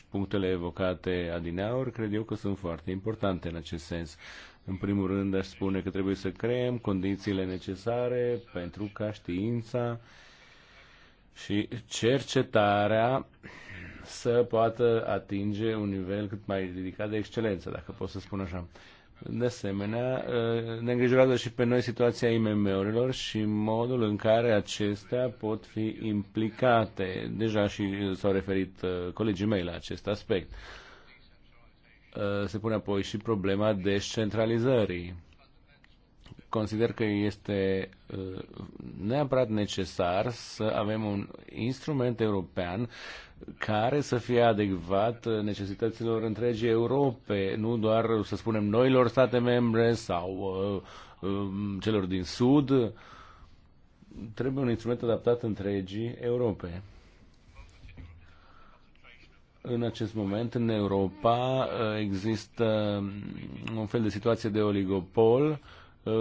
Deci punctele evocate adineaur cred eu că sunt foarte importante în acest sens. În primul rând aș spune că trebuie să creăm condițiile necesare pentru ca știința și cercetarea să poată atinge un nivel cât mai ridicat de excelență, dacă pot să spun așa. De asemenea, ă, ne îngrijorează și pe noi situația IMM-urilor și modul în care acestea pot fi implicate. Deja și s-au referit ă, colegii mei la acest aspect. Ă, se pune apoi și problema descentralizării. Consider că este neapărat necesar să avem un instrument european care să fie adecvat necesităților întregii Europe, nu doar, să spunem, noilor state membre sau uh, uh, celor din Sud. Trebuie un instrument adaptat întregii Europe. În acest moment, în Europa, uh, există un fel de situație de oligopol uh,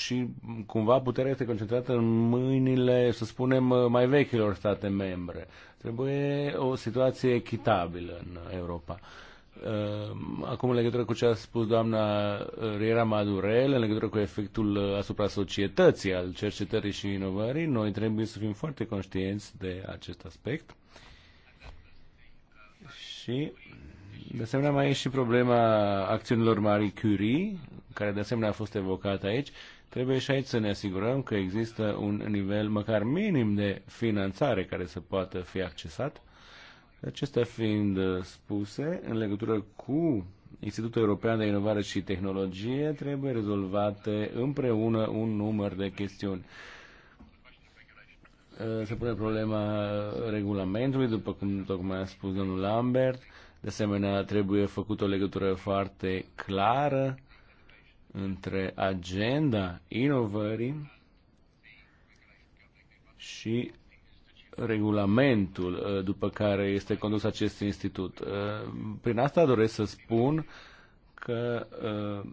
și cumva puterea este concentrată în mâinile, să spunem, uh, mai vechilor state membre. Trebuie o situație echitabilă în Europa. Ehm, acum, în legătură cu ce a spus doamna eh, Riera Madurel, în legătură cu efectul eh, asupra societății al cercetării și inovării, noi trebuie să fim foarte conștienți de acest aspect. Și, de asemenea, mai e și problema acțiunilor Marie Curie, care de asemenea a fost evocată aici. Trebuie și aici să ne asigurăm că există un nivel măcar minim de finanțare care să poată fi accesat. Acestea fiind uh, spuse, în legătură cu Institutul European de Inovare și Tehnologie, trebuie rezolvate împreună un număr de chestiuni uh, se pune problema regulamentului, după cum tocmai a spus domnul Lambert. De asemenea, trebuie făcut o legătură foarte clară între agenda inovării și regulamentul uh, după care este condus acest institut. Uh, prin asta doresc să spun că uh,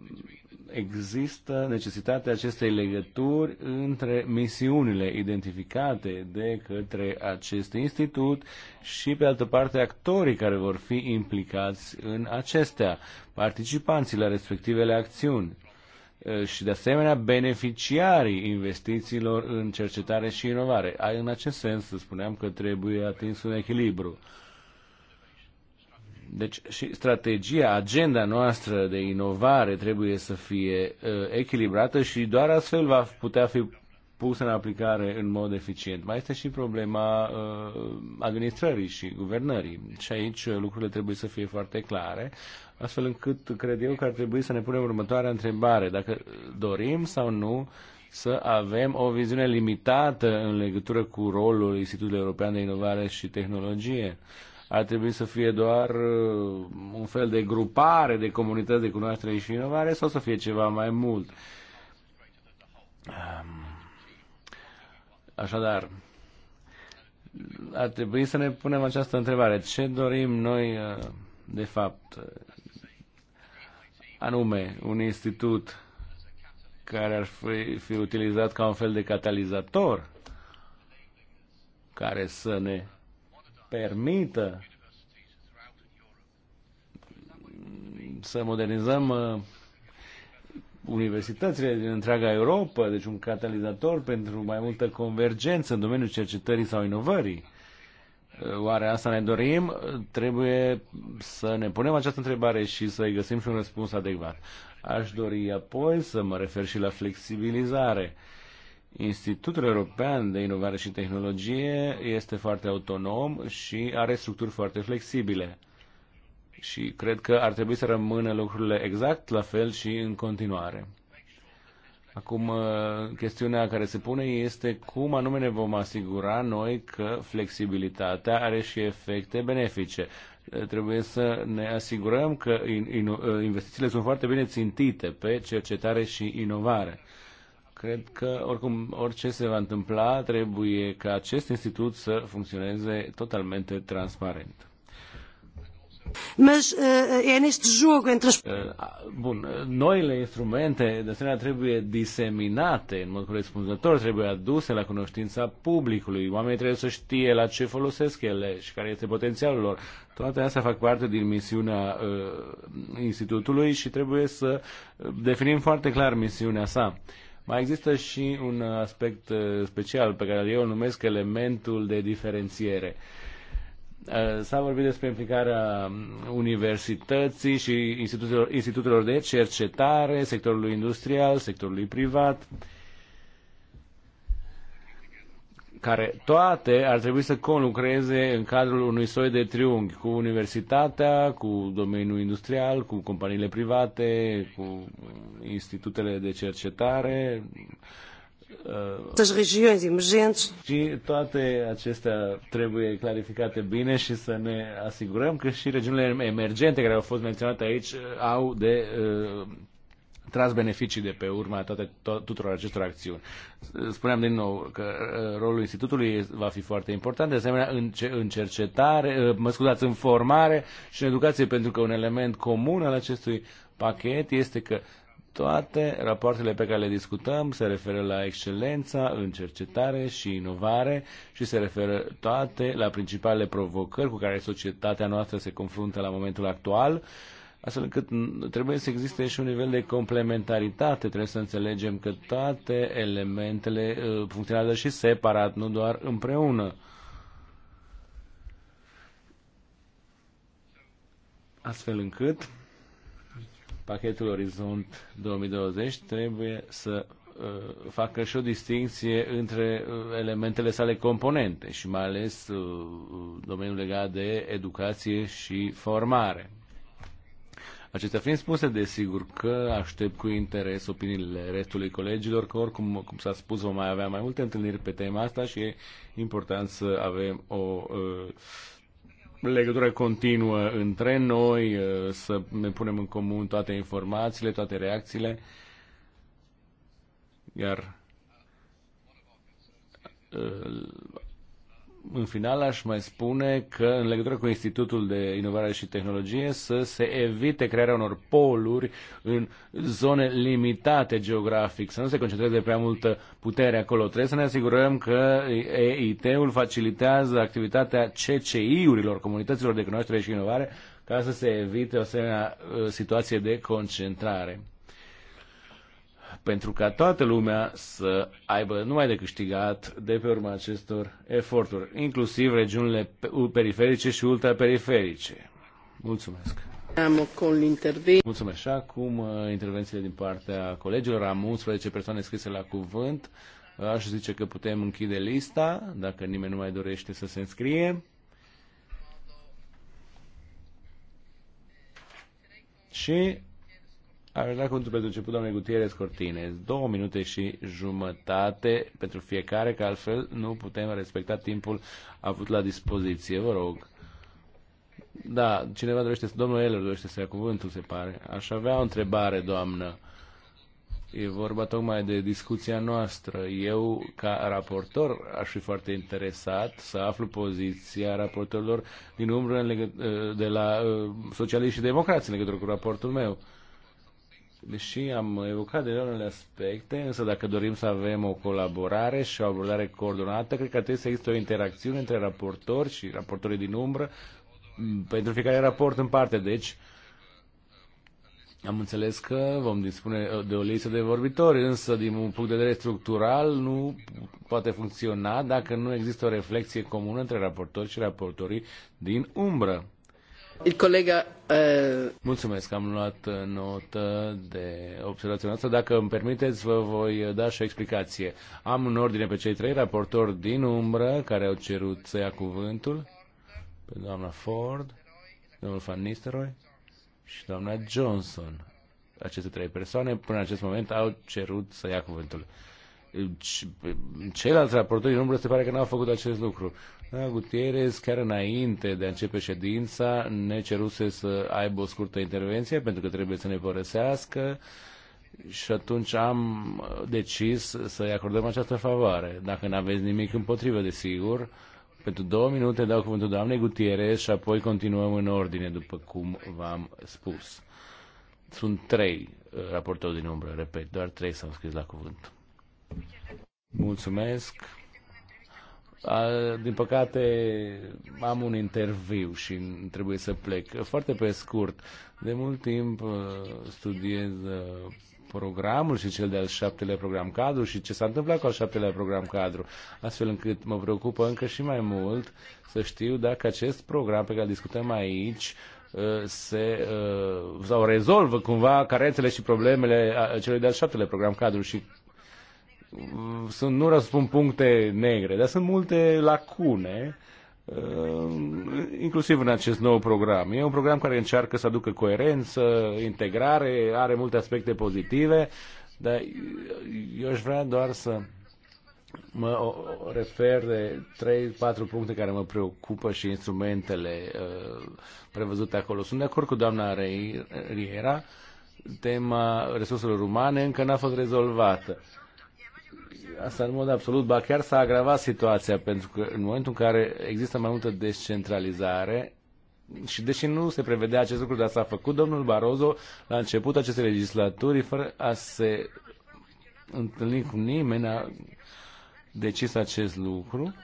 există necesitatea acestei legături între misiunile identificate de către acest institut și, pe altă parte, actorii care vor fi implicați în acestea, participanții la respectivele acțiuni. Eh, și de asemenea beneficiarii investițiilor în cercetare și inovare. În acest sens spuneam că trebuie atins un echilibru. Deci și strategia, agenda noastră de inovare trebuie să fie uh, echilibrată și doar astfel va putea fi pus în aplicare în mod eficient. Mai este și problema uh, administrării și guvernării. Și aici uh, lucrurile trebuie să fie foarte clare, astfel încât cred eu că ar trebui să ne punem următoarea întrebare, dacă dorim sau nu să avem o viziune limitată în legătură cu rolul Institutului European de Inovare și Tehnologie. Ar trebui să fie doar uh, un fel de grupare de comunități de cunoaștere și inovare sau să fie ceva mai mult? Um Așadar, ar trebui să ne punem această întrebare. Ce dorim noi, uh, de fapt, uh, anume, un institut care ar fi, fi utilizat ca un fel de catalizator care să ne permită să modernizăm uh, universitățile din întreaga Europa, deci un catalizator pentru mai multă convergență în domeniul cercetării sau inovării. Oare asta ne dorim? Trebuie să ne punem această întrebare și să-i găsim și un răspuns adecvat. Aș dori apoi să mă refer și la flexibilizare. Institutul European de Inovare și Tehnologie este foarte autonom și are structuri foarte flexibile și cred că ar trebui să rămână lucrurile exact la fel și în continuare. Acum, uh, chestiunea care se pune este cum anume ne vom asigura noi că flexibilitatea are și efecte benefice. Uh, trebuie să ne asigurăm că uh, investițiile sunt foarte bine țintite pe cercetare și inovare. Cred că, oricum, orice se va întâmpla, trebuie ca acest institut să funcționeze totalmente transparent. Mas eh, eh, é neste jogo entre as... Eh, ah, bun, noile instrumente de asemenea trebuie diseminate în mod corespunzător, trebuie aduse la cunoștința publicului. Oamenii trebuie să știe la ce folosesc ele și care este potențialul lor. Toate astea fac parte din misiunea uh, institutului și trebuie să definim foarte clar misiunea sa. Mai există și un aspect special pe care eu îl numesc elementul de diferențiere. Uh, Eh, s-a vorbit despre implicarea universității și institutelor, institutelor de cercetare, sectorului industrial, sectorului privat, care toate ar trebui să conlucreze în cadrul unui soi de triunghi cu universitatea, cu domeniul industrial, cu companiile private, cu institutele de cercetare, uh, regiuni emergente. Și toate acestea trebuie clarificate bine și să ne asigurăm că și regiunile emergente care au fost menționate aici uh, au de uh, tras beneficii de pe urma toate, to- tuturor acestor acțiuni. Spuneam din nou că uh, rolul institutului va fi foarte important, de asemenea în, ce, în cercetare, uh, mă scuzați, în formare și în educație, pentru că un element comun al acestui pachet este că toate rapoartele pe care le discutăm se referă la excelența în cercetare și inovare și se referă toate la principalele provocări cu care societatea noastră se confruntă la momentul actual, astfel încât trebuie să existe și un nivel de complementaritate, trebuie să înțelegem că toate elementele uh, funcționează și separat, nu doar împreună. Astfel încât pachetul Orizont 2020 trebuie să uh, facă și o distinție între uh, elementele sale componente și mai ales uh, domeniul legat de educație și formare. Acestea fiind spuse, desigur că aștept cu interes opiniile restului colegilor, că oricum, cum s-a spus, vom mai avea mai multe întâlniri pe tema asta și e important să avem o uh, legătură continuă între noi, uh, să ne punem în comun toate informațiile, toate reacțiile. Iar uh, în final aș mai spune că în legătură cu Institutul de Inovare și Tehnologie să se evite crearea unor poluri în zone limitate geografic, să nu se concentreze prea multă putere acolo. Trebuie să ne asigurăm că EIT-ul facilitează activitatea CCI-urilor, comunităților de cunoaștere și inovare, ca să se evite o asemenea uh, situație de concentrare pentru ca toată lumea să aibă numai de câștigat de pe urma acestor eforturi, inclusiv regiunile periferice și ultraperiferice. Mulțumesc! Am Mulțumesc. Și acum uh, intervențiile din partea colegilor. Am 11 persoane scrise la cuvânt. Aș zice că putem închide lista, dacă nimeni nu mai dorește să se înscrie. Și ar vrea cuvântul pentru început doamne Gutierrez Cortinez. Două minute și jumătate pentru fiecare, că altfel nu putem respecta timpul avut la dispoziție. Vă rog. Da, cineva dorește, domnul Eller dorește să ia cuvântul, se pare. Aș avea o întrebare, doamnă. E vorba tocmai de discuția noastră. Eu, ca raportor, aș fi foarte interesat să aflu poziția raportorilor din umbră de la uh, socialiști și democrații în legătură cu raportul meu deși am evocat de unele aspecte, însă dacă dorim să avem o colaborare și o abordare coordonată, cred că trebuie să există o interacțiune între raportori și raportorii din umbră pentru fiecare raport în parte. Deci, am înțeles că vom dispune uh, de o listă de vorbitori, însă din un punct de vedere structural nu poate funcționa dacă nu există o reflexie comună între raportori și raportorii din umbră. Il colega... Eh, Mulțumesc, am luat eh, notă de observația noastră. Dacă îmi permiteți, vă voi da și o explicație. Am în ordine pe cei trei raportori din umbră care au cerut să ia cuvântul. Pe doamna Ford, domnul Van Nistelrooy și doamna Johnson. Aceste trei persoane până în acest moment au cerut să ia cuvântul deci, ceilalți raportori din umbră se pare că n-au făcut acest lucru. Da, Gutierrez, chiar înainte de a începe ședința, ne ceruse să aibă o scurtă intervenție pentru că trebuie să ne părăsească și atunci am decis să-i acordăm această favoare. Dacă nu aveți nimic împotrivă, desigur, pentru două minute dau cuvântul doamnei Gutierrez și apoi continuăm în ordine, după cum v-am spus. Sunt trei uh, raportori din umbră, repet, doar trei s-au scris la cuvânt. Mulțumesc din păcate am un interviu și trebuie să plec. Foarte pe scurt, de mult timp uh, studiez uh, programul și cel de-al șaptelea program cadru și ce s-a întâmplat cu al șaptelea program cadru, astfel încât mă preocupă încă și mai mult să știu dacă acest program pe care discutăm aici uh, se, sau rezolvă cumva carențele și problemele celui de-al șaptelea program cadru și sunt, nu răspund puncte negre, dar sunt multe lacune, uh, inclusiv în acest nou program. E un program care încearcă să aducă coerență, integrare, are multe aspecte pozitive, dar eu aș vrea doar să mă refer de 3-4 puncte care mă preocupă și instrumentele uh, prevăzute acolo. Sunt de acord cu doamna Riera, tema resurselor umane încă n-a fost rezolvată asta în mod absolut, ba chiar s-a agravat situația, pentru că în momentul în care există mai multă descentralizare, și deși nu se prevedea acest lucru, dar s-a făcut domnul Barozo la început acestei legislaturi, fără a se întâlni cu nimeni, a decis acest lucru.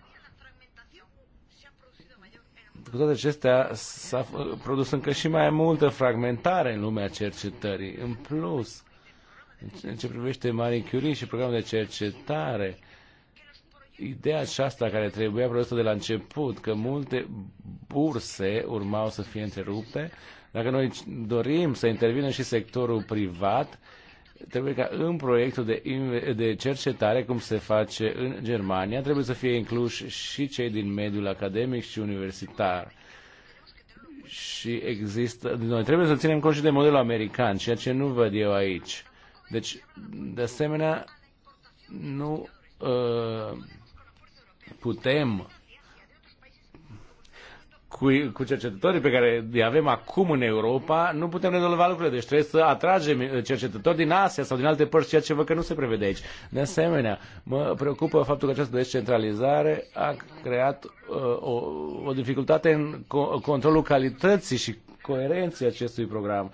Cu toate acestea s-a produs încă și mai multă fragmentare în lumea cercetării. În plus, în ce privește Marie Curie și programul de cercetare, ideea aceasta care trebuia produsă de la început, că multe burse urmau să fie întrerupte, dacă noi dorim să intervină și sectorul privat, trebuie ca în proiectul de, de cercetare, cum se face în Germania, trebuie să fie incluși și cei din mediul academic și universitar. Și există, noi trebuie să ținem cont și de modelul american, ceea ce nu văd eu aici. Deci, de asemenea, nu uh, putem cu, cu cercetătorii pe care îi avem acum în Europa, nu putem rezolva lucrurile. Deci trebuie să atragem uh, cercetători din Asia sau din alte părți, ceea ce văd că nu se prevede aici. De asemenea, mă preocupă faptul că această descentralizare a creat uh, o, o dificultate în co- controlul calității și coerenței acestui program. Uh,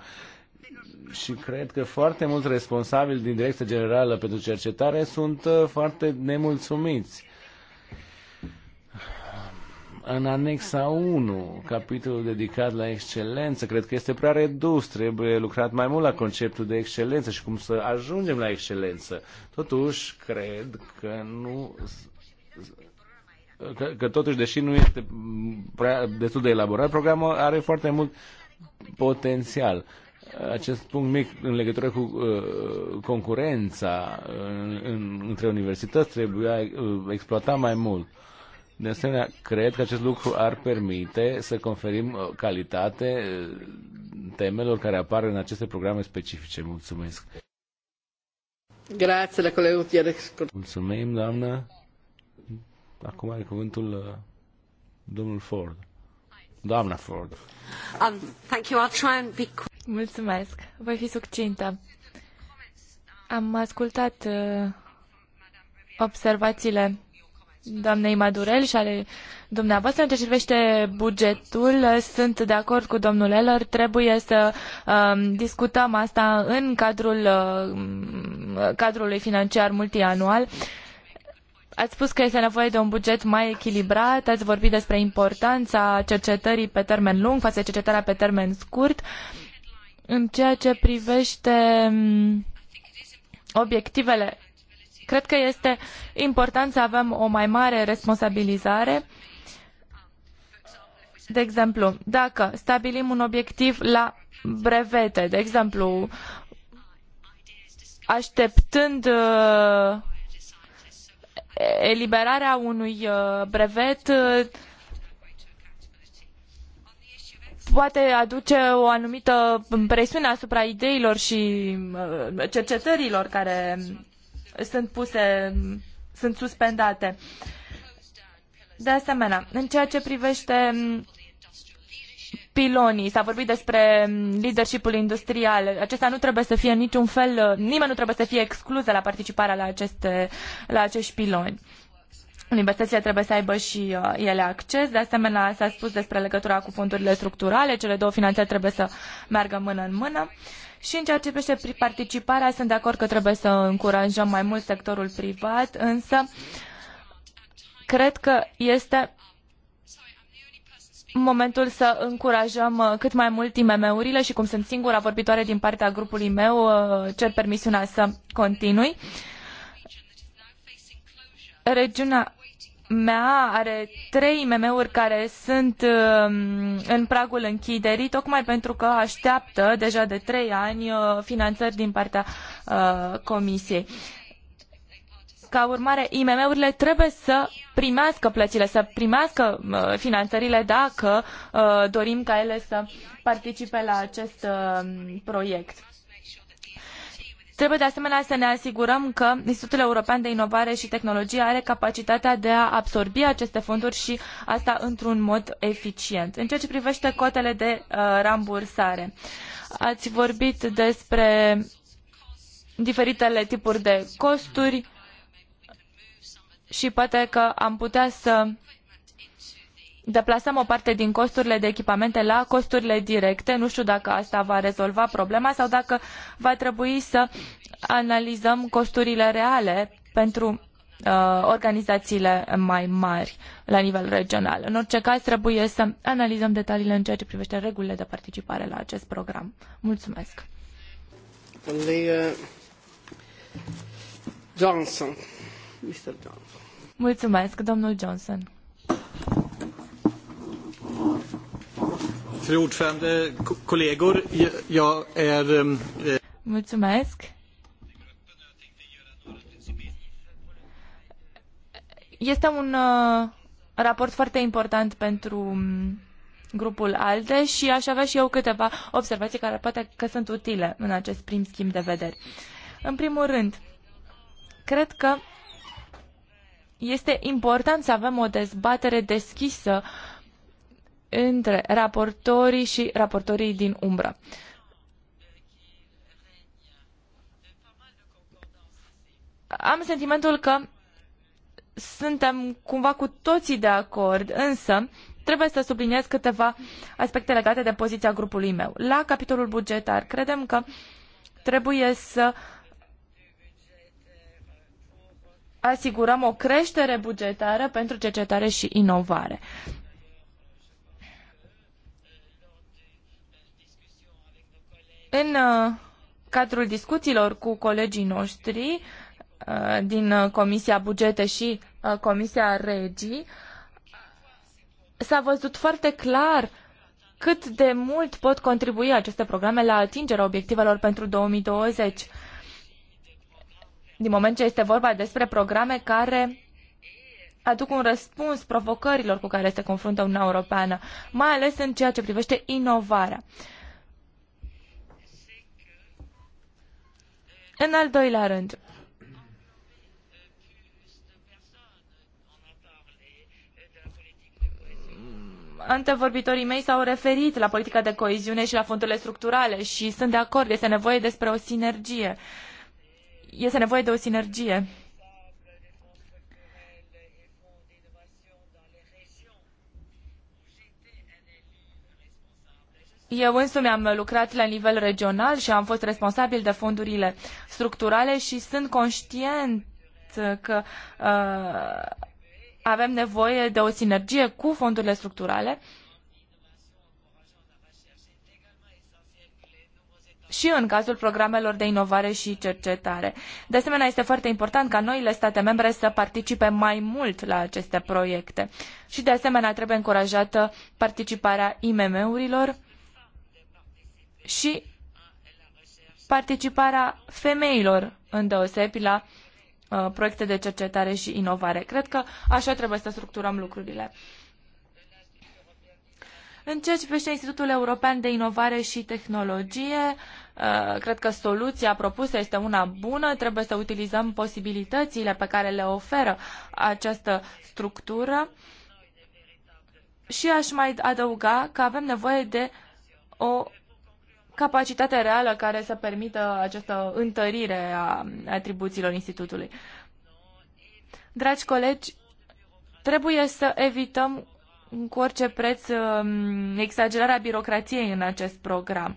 și cred că foarte mulți responsabili din Direcția Generală pentru Cercetare sunt uh, foarte nemulțumiți. În anexa 1, capitolul dedicat la excelență, cred că este prea redus, trebuie lucrat mai mult la conceptul de excelență și cum să ajungem la excelență. Totuși, cred că nu că, că totuși, deși nu este prea, destul de elaborat, programul are foarte mult potențial acest punct mic în legătură cu uh, concurența uh, în, în, între universități trebuia uh, exploata mai mult. De asemenea, cred că acest lucru ar permite să conferim uh, calitate uh, temelor care apar în aceste programe specifice. Mulțumesc! Grazie la Mulțumim, doamnă. Acum are cuvântul domnul Ford. Doamna Ford. Um, thank you. I'll try and be... Mulțumesc. Voi fi succintă. Am ascultat uh, observațiile doamnei Madurel și ale dumneavoastră în ce privește bugetul. Uh, sunt de acord cu domnul Eller, trebuie să um, discutăm asta în cadrul uh, cadrului financiar multianual. Uh, Ați spus că este nevoie de un buget mai echilibrat, ați vorbit despre importanța cercetării pe termen lung față de cercetarea pe termen scurt. În ceea ce privește mm, obiectivele, cred că este important să avem o mai mare responsabilizare. De exemplu, dacă stabilim un obiectiv la brevete, de exemplu, așteptând uh, eliberarea unui uh, brevet uh, poate aduce o anumită presiune asupra ideilor și uh, cercetărilor care sunt puse, sunt suspendate. De asemenea, în ceea ce privește um, pilonii. S-a vorbit despre mm, leadershipul industrial. Acesta nu trebuie să fie în niciun fel, uh, nimeni nu trebuie să fie exclus de la participarea la, aceste, la acești piloni. Universitățile trebuie să aibă și uh, ele acces. De asemenea, s-a spus despre legătura cu fondurile structurale. Cele două finanțări trebuie să meargă mână în mână. Și în ceea ce privește participarea, sunt de acord că trebuie să încurajăm mai mult sectorul privat, însă cred că este momentul să încurajăm uh, cât mai mult IMM-urile și cum sunt singura vorbitoare din partea grupului meu, uh, cer permisiunea să continui. Regiunea mea are trei IMM-uri care sunt um, în pragul închiderii, tocmai pentru că așteaptă deja de trei ani uh, finanțări din partea Comisiei. Ca urmare, IMM-urile trebuie să primească plățile, să primească uh, finanțările dacă uh, dorim ca ele să participe la acest uh, proiect. Trebuie de asemenea să ne asigurăm că Institutul European de Inovare și Tehnologie are capacitatea de a absorbi aceste fonduri și asta într-un mod eficient. În ceea ce privește cotele de uh, rambursare, ați vorbit despre diferitele tipuri de costuri și poate că am putea să deplasăm o parte din costurile de echipamente la costurile directe. Nu știu dacă asta va rezolva problema sau dacă va trebui să analizăm costurile reale pentru uh, organizațiile mai mari la nivel regional. În orice caz, trebuie să analizăm detaliile în ceea ce privește regulile de participare la acest program. Mulțumesc! Johnson. Mr. Johnson. Mulțumesc, domnul Johnson. Fru ordförande, kollegor, jag är... Ehm, Mulțumesc. Este un uh, raport foarte important pentru mm, grupul ALDE și aș avea și eu câteva observații care poate că sunt utile în acest prim schimb de vederi. În primul rând, cred că este important să avem o dezbatere deschisă între raportorii și raportorii din umbră. Am sentimentul că suntem cumva cu toții de acord, însă trebuie să subliniez câteva aspecte legate de poziția grupului meu. La capitolul bugetar, credem că trebuie să uh, asigurăm o creștere bugetară pentru cercetare și inovare. În uh, cadrul discuțiilor cu colegii noștri uh, din Comisia Bugete și uh, Comisia Regii, s-a văzut foarte clar cât de mult pot contribui aceste programe la atingerea obiectivelor pentru 2020 din moment ce este vorba despre programe care aduc un răspuns provocărilor cu care se confruntă Uniunea Europeană, mai ales în ceea ce privește inovarea. În al doilea rând, antevorbitorii mei s-au referit la politica de coeziune și la fondurile structurale și sunt de acord, este nevoie despre o sinergie. Uh, este nevoie de o sinergie. Eu însumi am lucrat la nivel regional și am fost responsabil de fondurile structurale și sunt conștient că uh, avem nevoie de o sinergie cu fondurile structurale uh, și în cazul programelor de inovare și cercetare. De asemenea, este foarte important ca noile state membre să participe mai mult la aceste proiecte. Și de asemenea, trebuie încurajată participarea IMM-urilor și participarea femeilor îndeosebi la uh, proiecte de cercetare și inovare. Cred că așa trebuie să structurăm lucrurile. În ceea ce privește Institutul European de Inovare și Tehnologie, uh, cred că soluția propusă este una bună, trebuie să utilizăm posibilitățile pe care le oferă această structură și aș mai adăuga că avem nevoie de o capacitate reală care să permită această întărire a atribuțiilor Institutului. Dragi colegi, trebuie să evităm cu orice preț um, exagerarea birocrației în acest program.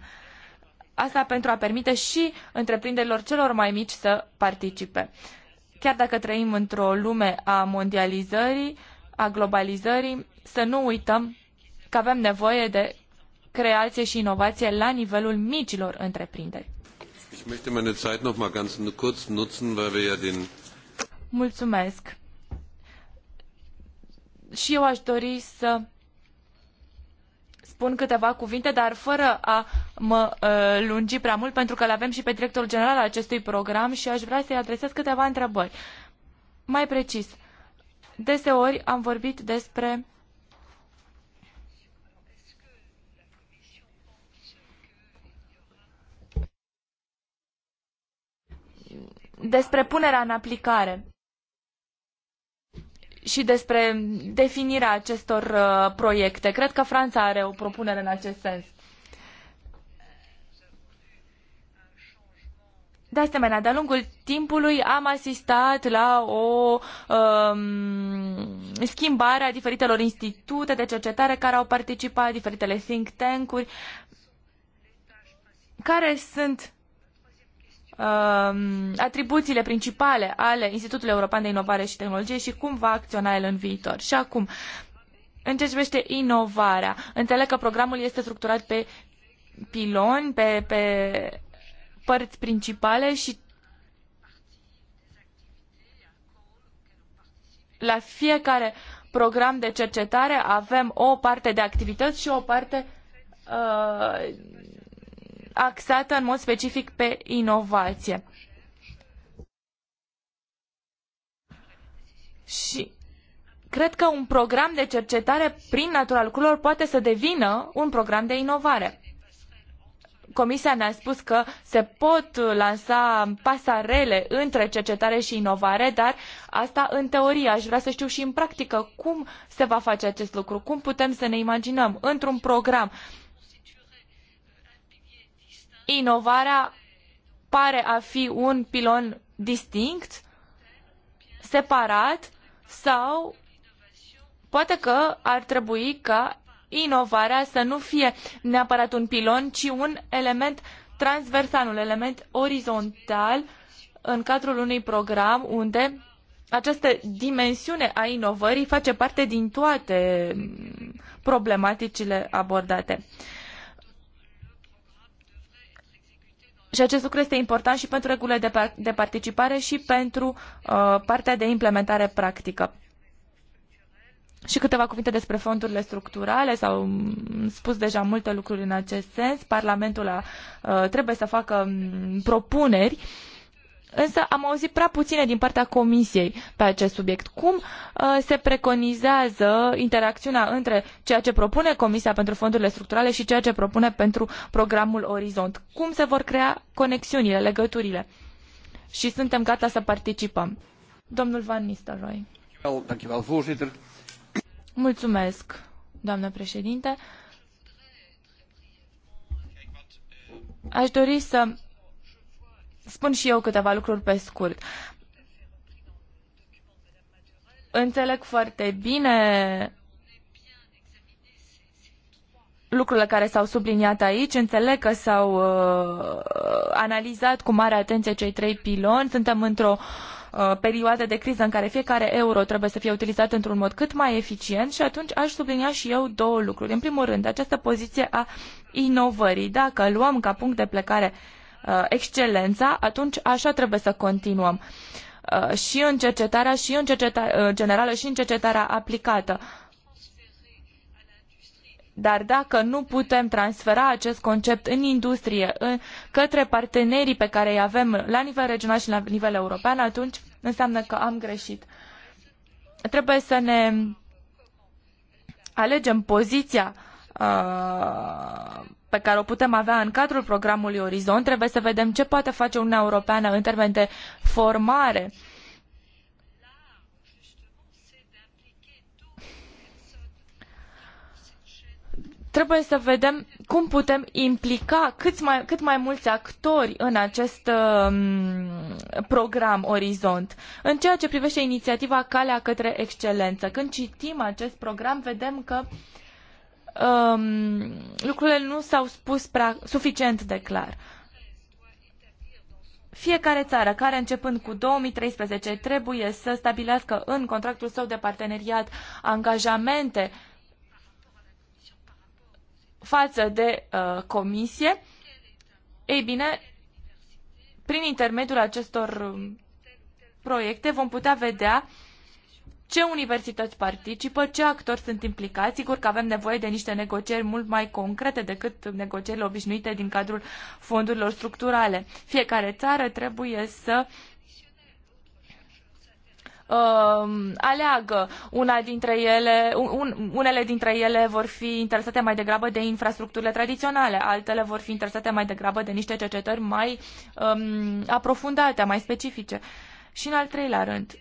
Asta pentru a permite și întreprinderilor celor mai mici să participe. Chiar dacă trăim într-o lume a mondializării, a globalizării, să nu uităm că avem nevoie de creație și inovație la nivelul micilor întreprinderi. Mulțumesc și eu aș dori să spun câteva cuvinte, dar fără a mă uh, lungi prea mult, pentru că îl avem și pe directorul general al acestui program și aș vrea să-i adresez câteva întrebări. Mai precis, deseori am vorbit despre despre punerea în aplicare și despre definirea acestor uh, proiecte. Cred că Franța are o propunere în acest sens. De asemenea, de-a lungul timpului am asistat la o um, schimbare a diferitelor institute de cercetare care au participat, diferitele think tank-uri, care sunt Um, atribuțiile principale ale Institutului European de Inovare și Tehnologie și cum va acționa el în viitor. Și acum, în ce privește inovarea, înțeleg că programul este structurat pe piloni, pe, pe părți principale și la fiecare program de cercetare avem o parte de activități și o parte uh, axată în mod specific pe inovație. Și cred că un program de cercetare prin natura culor poate să devină un program de inovare. Comisia ne-a spus că se pot lansa pasarele între cercetare și inovare, dar asta în teorie. Aș vrea să știu și în practică cum se va face acest lucru, cum putem să ne imaginăm într-un program inovarea pare a fi un pilon distinct, separat sau poate că ar trebui ca inovarea să nu fie neapărat un pilon, ci un element transversal, un element orizontal în cadrul unui program unde această dimensiune a inovării face parte din toate mm, problematicile abordate. Și acest lucru este important și pentru regulile de, de participare și pentru uh, partea de implementare practică. Și câteva cuvinte despre fondurile structurale. S-au mm, spus deja multe lucruri în acest sens. Parlamentul a, uh, trebuie să facă um, propuneri uh, Însă am auzit prea puține din partea Comisiei pe acest subiect. Cum uh, se preconizează interacțiunea între ceea ce propune Comisia pentru fondurile structurale și ceea ce propune pentru programul Orizont? Cum se vor crea conexiunile, legăturile? Și suntem gata să participăm. Domnul Van Nistelrooy. Mulțumesc, doamnă președinte. Aș dori să spun și eu câteva lucruri pe scurt. Înțeleg foarte bine lucrurile care s-au subliniat aici. Înțeleg că s-au uh, analizat cu mare atenție cei trei piloni. Suntem într-o uh, perioadă de criză în care fiecare euro trebuie să fie utilizat într-un mod cât mai eficient și atunci aș sublinia și eu două lucruri. În primul rând, această poziție a inovării. Dacă luăm ca punct de plecare uh, Uh, excelența, atunci așa trebuie să continuăm. Uh, și în cercetarea și în cercetarea uh, generală și în cercetarea aplicată. Dar dacă nu putem transfera acest concept în industrie, în, către partenerii pe care îi avem la nivel regional și la nivel european, atunci înseamnă că am greșit. Trebuie să ne alegem poziția uh, pe care o putem avea în cadrul programului Orizont, trebuie să vedem ce poate face Uniunea Europeană în termen de formare. Trebuie să vedem cum putem implica cât mai, cât mai mulți actori în acest um, program Orizont. În ceea ce privește inițiativa Calea către Excelență, când citim acest program, vedem că uh, um, lucrurile nu s-au spus prea, suficient de clar. Fiecare țară care începând cu 2013 trebuie să stabilească în contractul său de parteneriat angajamente față de uh, comisie, ei bine, prin intermediul acestor um, proiecte vom putea vedea uh, ce universități participă, ce actori sunt implicați. Sigur că avem nevoie de niște negocieri mult mai concrete decât negocierile obișnuite din cadrul fondurilor structurale. Fiecare țară trebuie să uh, aleagă. Una dintre ele, un, unele dintre ele vor fi interesate mai degrabă de infrastructurile tradiționale, altele vor fi interesate mai degrabă de niște cercetări mai um, aprofundate, mai specifice. Și în al treilea rând,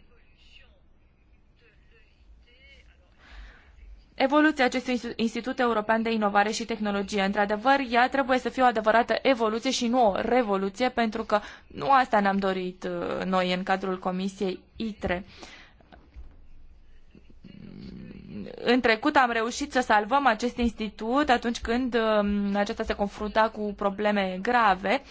evoluția acestui Institut European de Inovare și Tehnologie. Într-adevăr, ea trebuie să fie o adevărată evoluție și nu o revoluție, pentru că nu asta ne-am dorit uh, noi în cadrul Comisiei ITRE. În trecut am reușit să salvăm acest institut atunci când um, acesta se confrunta cu probleme grave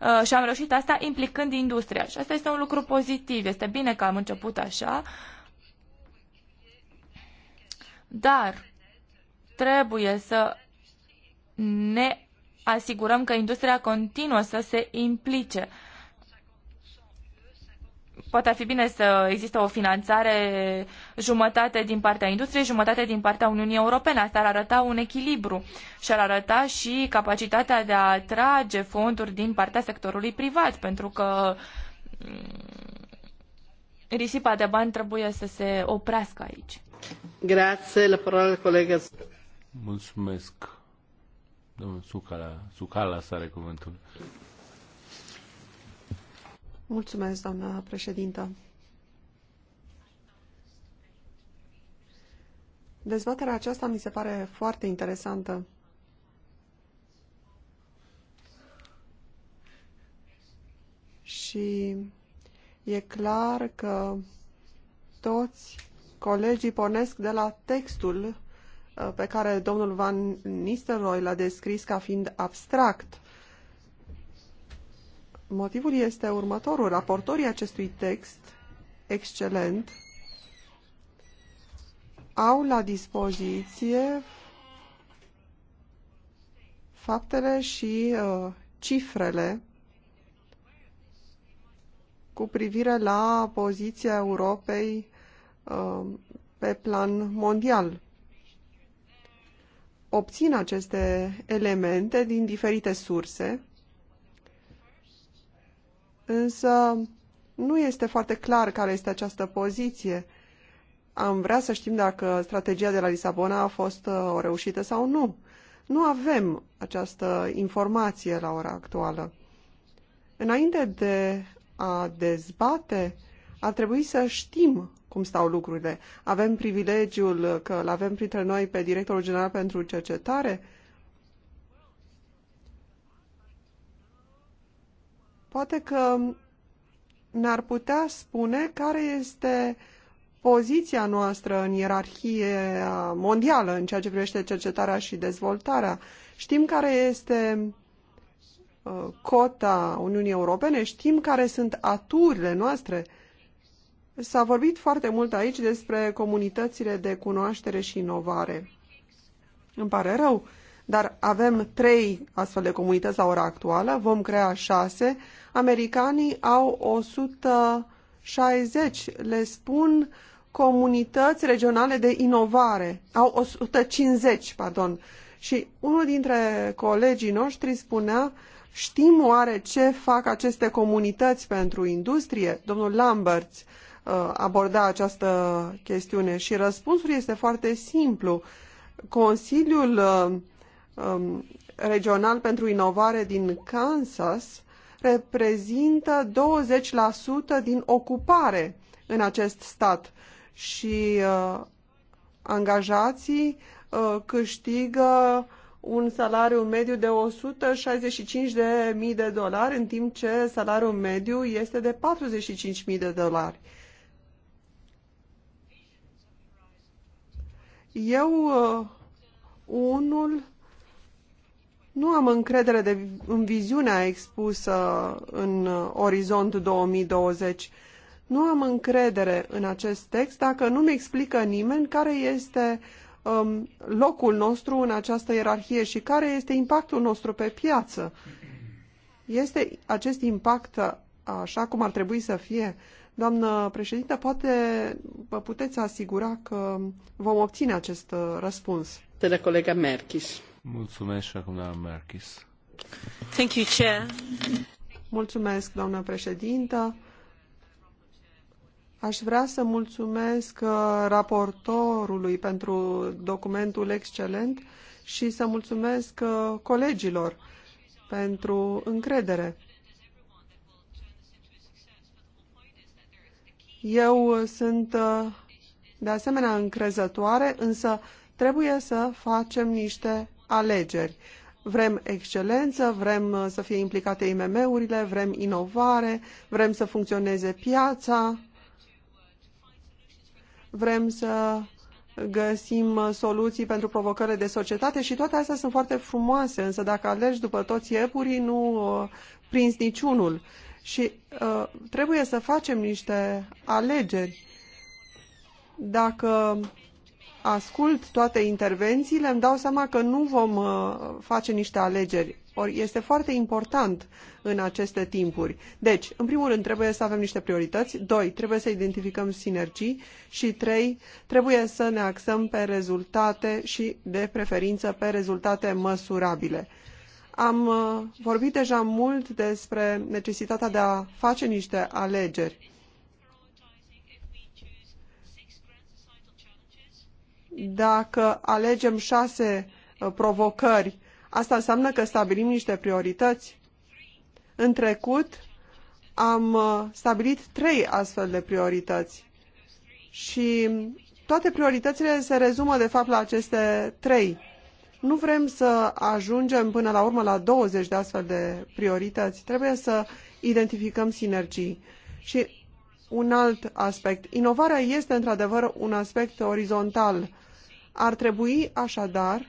uh, și am reușit asta implicând industria. Și asta este un lucru pozitiv. Este bine că am început așa dar trebuie să ne asigurăm că industria continuă să se implice. Poate ar fi bine să existe o finanțare jumătate din partea industriei, jumătate din partea Uniunii Europene. Asta ar arăta un echilibru și ar arăta și capacitatea de a atrage fonduri din partea sectorului privat, pentru că mm, risipa de bani trebuie să se oprească aici. Grazie, la parola colega. Mulțumesc. Domnul Sucala, Sucala să are cuvântul. Mulțumesc, doamna președintă. Dezbaterea aceasta mi se pare foarte interesantă. Și e clar că toți Colegii pornesc de la textul uh, pe care domnul Van Nistelrooy l-a descris ca fiind abstract. Motivul este următorul. Raportorii acestui text excelent au la dispoziție faptele și uh, cifrele cu privire la poziția Europei Uh, pe plan mondial. Obțin aceste elemente din diferite surse, însă nu este foarte clar care este această poziție. Am vrea să știm dacă strategia de la Lisabona a fost uh, o reușită sau nu. Nu avem această informație la ora actuală. Înainte de a dezbate, ar trebui să știm cum stau lucrurile. Avem privilegiul că îl avem printre noi pe directorul general pentru cercetare? Poate că ne-ar putea spune care este poziția noastră în ierarhie mondială în ceea ce privește cercetarea și dezvoltarea. Știm care este uh, cota Uniunii Europene, știm care sunt aturile noastre, S-a vorbit foarte mult aici despre comunitățile de cunoaștere și inovare. Îmi pare rău, dar avem trei astfel de comunități la ora actuală, vom crea șase. Americanii au 160, le spun comunități regionale de inovare. Au 150, pardon. Și unul dintre colegii noștri spunea, știm oare ce fac aceste comunități pentru industrie? Domnul Lamberts, Uh, aborda această chestiune? Și răspunsul este foarte simplu. Consiliul uh, um, Regional pentru Inovare din Kansas reprezintă 20% din ocupare în acest stat și uh, angajații câștigă un salariu mediu de 165.000 de dolari, în timp ce salariul mediu este de 45.000 de dolari. Eu, uh, unul, nu am încredere de, în viziunea expusă în uh, Orizont 2020. Nu am încredere în acest text dacă nu-mi explică nimeni care este um, locul nostru în această ierarhie și care este impactul nostru pe piață. Este acest impact uh, așa cum ar trebui să fie? Uh, Doamnă președinte, poate vă puteți asigura că vom obține acest uh, răspuns. De la colega Merkis. Mulțumesc și doamna Merkis. Thank you, Chair. Mulțumesc, doamnă președintă. Aș vrea să mulțumesc uh, raportorului pentru documentul excelent și să mulțumesc uh, colegilor pentru încredere. Eu sunt uh, de asemenea încrezătoare, însă trebuie să facem niște alegeri. Vrem excelență, vrem uh, să fie implicate IMM-urile, vrem inovare, vrem să funcționeze piața, vrem să găsim uh, soluții pentru provocările de societate și toate astea sunt foarte frumoase, însă dacă alegi după toți iepurii, nu prinzi niciunul și uh, trebuie să facem niște alegeri. Dacă ascult toate intervențiile, îmi dau seama că nu vom uh, face niște alegeri. Ori este foarte important în aceste timpuri. Deci, în primul rând, trebuie să avem niște priorități. Doi, trebuie să identificăm sinergii. Și trei, trebuie să ne axăm pe rezultate și, de preferință, pe rezultate măsurabile. Am uh, vorbit deja mult despre necesitatea de a face niște alegeri. Dacă alegem șase uh, provocări, asta înseamnă că stabilim niște priorități? În trecut am uh, stabilit trei astfel de priorități și toate prioritățile se rezumă de fapt la aceste trei nu vrem să ajungem până la urmă la 20 de astfel de priorități. Trebuie să identificăm sinergii. Și un alt aspect. Inovarea este într-adevăr un aspect orizontal. Ar trebui așadar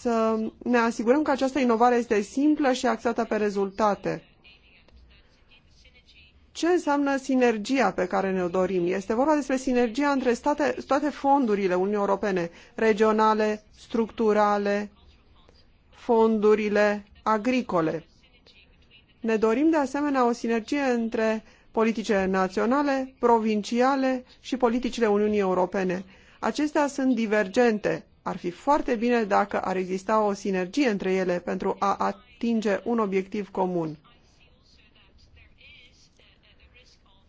să ne asigurăm că această inovare este simplă și axată pe rezultate ce înseamnă sinergia pe care ne-o dorim? Este vorba despre sinergia între state, toate fondurile Uniunii Europene, regionale, structurale, fondurile agricole. Ne dorim de asemenea o sinergie între politicile naționale, provinciale și politicile Uniunii Europene. Acestea sunt divergente. Ar fi foarte bine dacă ar exista o sinergie între ele pentru a atinge un obiectiv comun.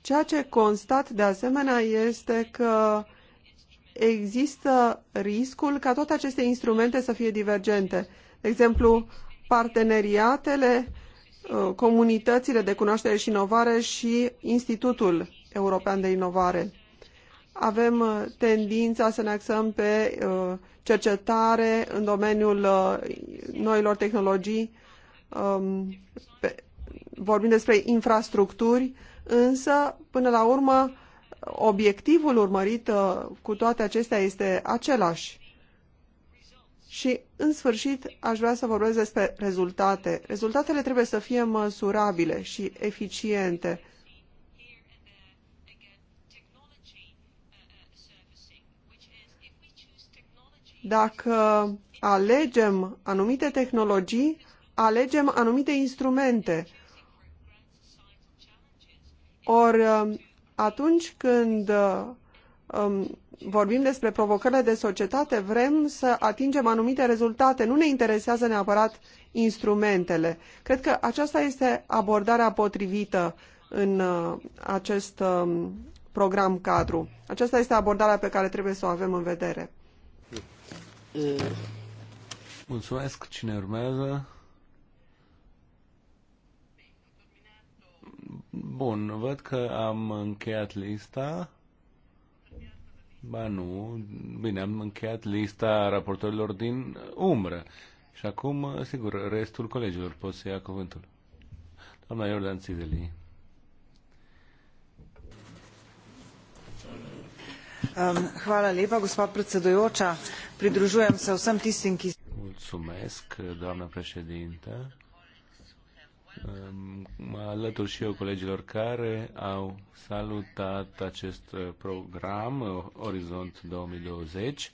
Ceea ce constat de asemenea este că există riscul ca toate aceste instrumente să fie divergente. De exemplu, parteneriatele, uh, comunitățile de cunoaștere și inovare și Institutul European de Inovare. Avem uh, tendința să ne axăm pe uh, cercetare în domeniul noilor tehnologii, um, vorbim despre infrastructuri, însă, până la urmă, obiectivul urmărit uh, cu toate acestea este același. Și, în sfârșit, aș vrea să vorbesc despre rezultate. Rezultatele trebuie să fie măsurabile și eficiente. Dacă alegem anumite tehnologii, alegem anumite instrumente. Ori um, atunci când um, vorbim despre provocările de societate, vrem să atingem anumite rezultate. Nu ne interesează neapărat instrumentele. Cred că aceasta este abordarea potrivită în uh, acest um, program cadru. Aceasta este abordarea pe care trebuie să o avem în vedere. Mulțumesc. Cine urmează? Bun, văd că am încheiat lista. Ba nu, bine, am încheiat lista raportorilor din umbră. Și acum, sigur, restul colegilor pot să ia cuvântul. Doamna Iordan Țizeli. Um, hvala lepa, gospod predsedujoča. Pridružujem se vsem tistim, ki... Mulțumesc, doamna președintă. Mă alătur și eu colegilor care au salutat acest uh, program uh, Orizont 2020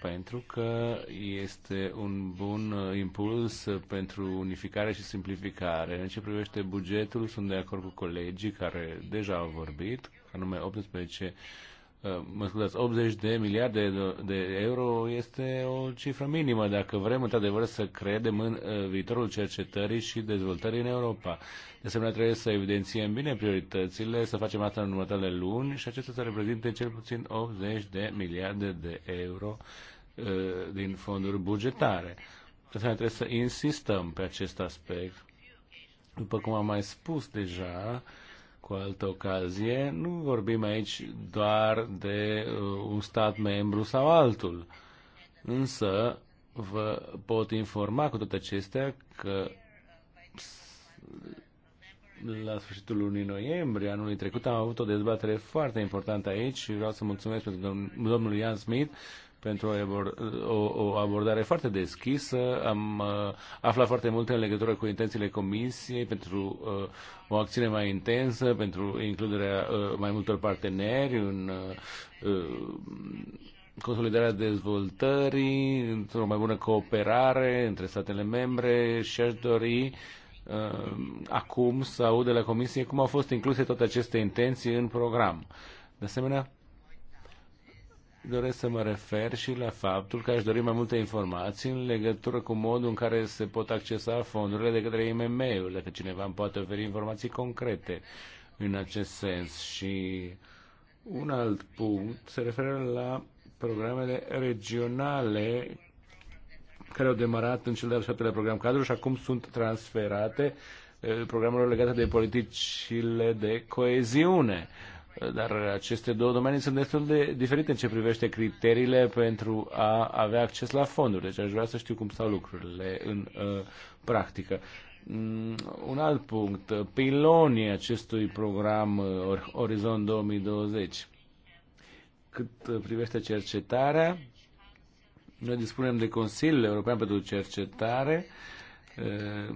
pentru că este un bun uh, impuls pentru unificare și simplificare. În ce privește bugetul, sunt de acord cu colegii care deja au vorbit, anume 18 Uh, mă scuzați, 80 de miliarde de euro este o cifră minimă dacă vrem într-adevăr să credem în uh, viitorul cercetării și dezvoltării în Europa. De asemenea, trebuie să evidențiem bine prioritățile, să facem asta în următoarele luni și acestea să reprezinte cel puțin 80 de miliarde de euro uh, din fonduri bugetare. De asemenea, trebuie să insistăm pe acest aspect. După cum am mai spus deja, uh, cu altă ocazie. Nu vorbim aici doar de uh, un stat membru sau altul. Însă vă pot informa cu toate acestea că la sfârșitul lunii noiembrie anului trecut am avut o dezbatere foarte importantă aici și vreau să mulțumesc pentru domnul Ian Smith pentru o, o abordare foarte deschisă. Am uh, aflat foarte multe în legătură cu intențiile Comisiei pentru uh, o acțiune mai intensă, pentru includerea uh, mai multor parteneri în uh, uh, consolidarea dezvoltării, într-o mai bună cooperare între statele membre și aș dori uh, acum să aud de la Comisie cum au fost incluse toate aceste intenții în program. De asemenea, doresc să mă refer și la faptul că aș dori mai multe informații în legătură cu modul în care se pot accesa fondurile de către imm ul dacă cineva îmi poate oferi informații concrete în acest sens. Și un alt punct se referă la programele regionale care au demarat în cel de-al șaptelea program cadru și acum sunt transferate eh, programelor legate de politicile de coeziune. Dar aceste două domenii sunt destul de diferite în ce privește criteriile pentru a avea acces la fonduri. Deci aș vrea să știu cum stau lucrurile în uh, practică. Mm, un alt punct, pilonii acestui program uh, Orizont 2020. Cât privește cercetarea, noi dispunem de Consiliul European pentru Cercetare uh,